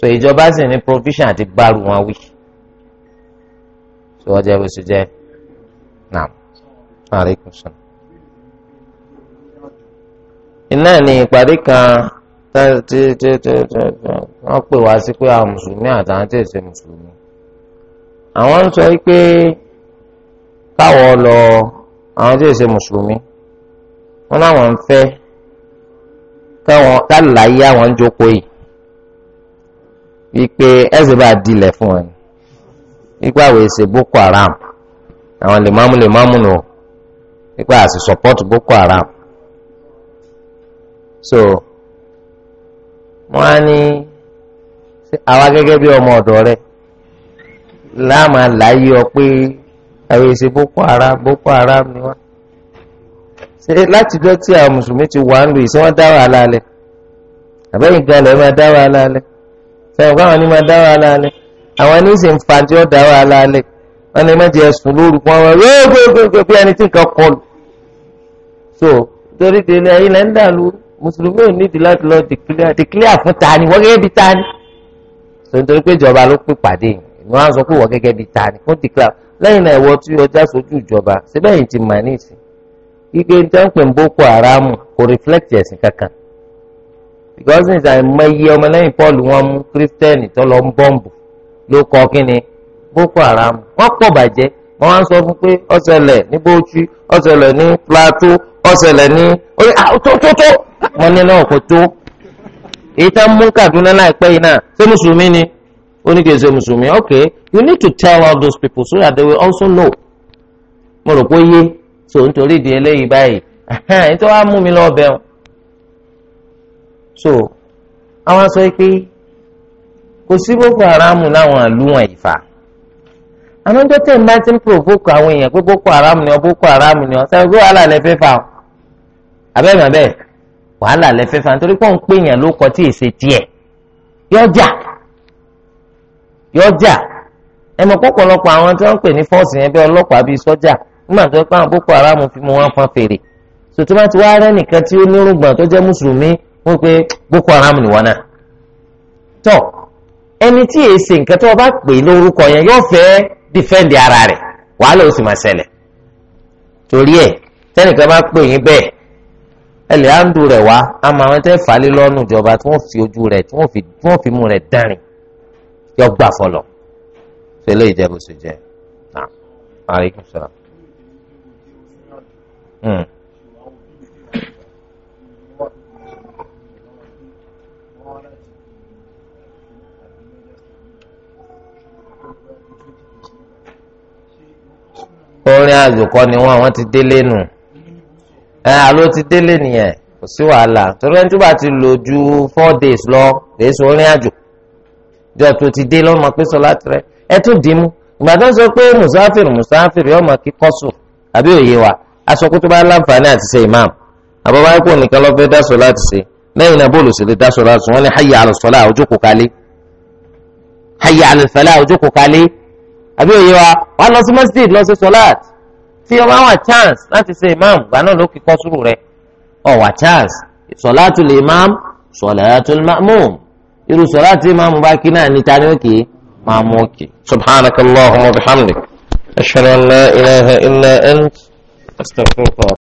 so ìjọba sì ní provision àti gbàrú wọn wí so ọjọ́ ìwé sì jẹ́ naam aleykum sọ. iná ní ìpàdé kan tí wọ́n pè wá sí pé àwọn mùsùlùmí àtàwọn tí èsè mùsùlùmí àwọn ń sọ pé káwọn lọ àwọn tí èsè mùsùlùmí wọn láwọn ń fẹ́ káwọn kálàyé àwọn ń jókòó yìí wípé ẹsẹ bá dilẹ̀ fún wọn wípé àwọn èsè boko haram àwọn lèmọ́mù lèmọ́mù nù wípé àti support boko haram so wọn á ní àwa gẹ́gẹ́ bí ọmọ ọ̀dọ̀ rẹ láàmà láyé ọ pé àwọn èsì boko haram boko haram ni wọn. ṣe látijọ́ tí àwọn mùsùlùmí ti wà ń lu ìṣe wọn dá wàhálà lẹ̀ àbẹ́yìn gan lẹ́ẹ̀ máa dá wàhálà lẹ̀ sẹ́yìn kó àwọn ní máa dá wàhálà lẹ̀ àwọn ní sì ń fa tí wọ́n dá wàhálà lẹ̀ wọ́n ní mẹ́jẹ ẹ̀sùn lórúkọ wọn rẹ́ẹ̀gbẹ́gbẹ́ bí ẹni tí nǹkan kọ lù. so torí délé ayé lẹ́ ń dà lù mùsùlùmí ò nídìí láti lọ dìkílíà dìkílíà fún tani wọ́n gẹ́gẹ́ bí tani. sọ nítorí pé ìjọba ló pè pàdé lẹ́yìn náà ẹ̀wọ́ tí ọjà sojú ìjọba síbẹ̀ yìí ti mà boko haram kò reflect ẹ̀sìn kankan because ní sàn mẹ́yẹ paul wọn mú kírísítẹ́nì tó lọ ń bọ́ǹbù ló kọ́ boko haram wọ́n pọ̀ bàjẹ́ wọ́n wá ń sọ fún pé ọ̀sẹ̀lẹ̀ ní bóòtú ọ̀sẹ̀lẹ̀ ní plateau ọ̀sẹ̀lẹ̀ ní orí àtótótó wọn Kaduna láìpẹ́ yìí náà ṣé mùsùlùmí ni oníkèsè mùsùlùmí okay you need to tell all those people so that they will also know mo rò pé yé so nítorí ìdí eléyìí báyìí ẹ̀hẹ́n tó wá mú mi lọ́ọ́ bẹ́ẹ̀ so àwọn sọ pé kò sí boko haram láwọn àlùwọ̀n ìfà àwọn tó tẹ̀ ń bá ti ń provoke àwọn èèyàn pé boko haram ni ọ boko haram ni ọ sẹ́wọ́n pé wàhálà lẹ fẹ́ fà ọ abẹ́rẹ́ abẹ́rẹ́ wàhálà lẹ fẹ́ fà nítorí pé òun pè yàn ló kọ tí èsè tiẹ̀ yọjà yọjà ẹmọ pọpọlọpọ àwọn tí wọn pè ní fọ́ọ̀sì yẹn bí ọlọ́pàá bíi sọ́jà nígbà tó pa àwọn boko haram fi mu wọn fèrè ti tí ó tó mùsùlùmí wọn pe boko haram nìwọ náà tọ ẹni tí èyí ṣe nǹkan tó o bá pè lórúkọ yẹn yóò fẹ́ ara rẹ̀ wàhálà lọ́nù ìjọba yọ gbà fọlọ ṣe lè jẹ bó ṣe jẹ náà àríkùn sọ̀rọ̀. orin àzùkọ ni wọn àwọn ti délé nù ẹ àló ti délé nìyẹn kò sí wàhálà torí ẹni tó bá ti lò ju four days lọ kò é sọ orin àjò díẹ̀ tó ti dé lọ́mọ pé sọlá tirẹ̀ ẹ tún dì í mú ìgbà tó ń sọ pé musafir musafir yọmọ kí kọ́sù àbí òye wa aṣọ kó tó bá láǹfààní àti ṣe imam àbábá ẹ̀kọ́ nìkan ló fẹ́ dá sọ láti ṣe lẹ́yìn náà bóòlù sì lè dá sọ láti sùn wọ́n ní hayya ala sọlá ojókòó kalẹ̀ hayya ala falah ojókòó kalẹ̀ àbí òye wa wà lọ sí masjid lọ sí sọláàt tí ọba wà chance láti ṣe imam gbà náà ló kí kọ́sùrù rẹ̀ ọ̀ wà chance sọláàtul imam sọláàtul ma'mum irú sọlá tí ìmáàmù bá kí náà níta ni ó kì í máa mú òkè. subhanakallahumma wa bihamdik ashhadu an ilaha illa ant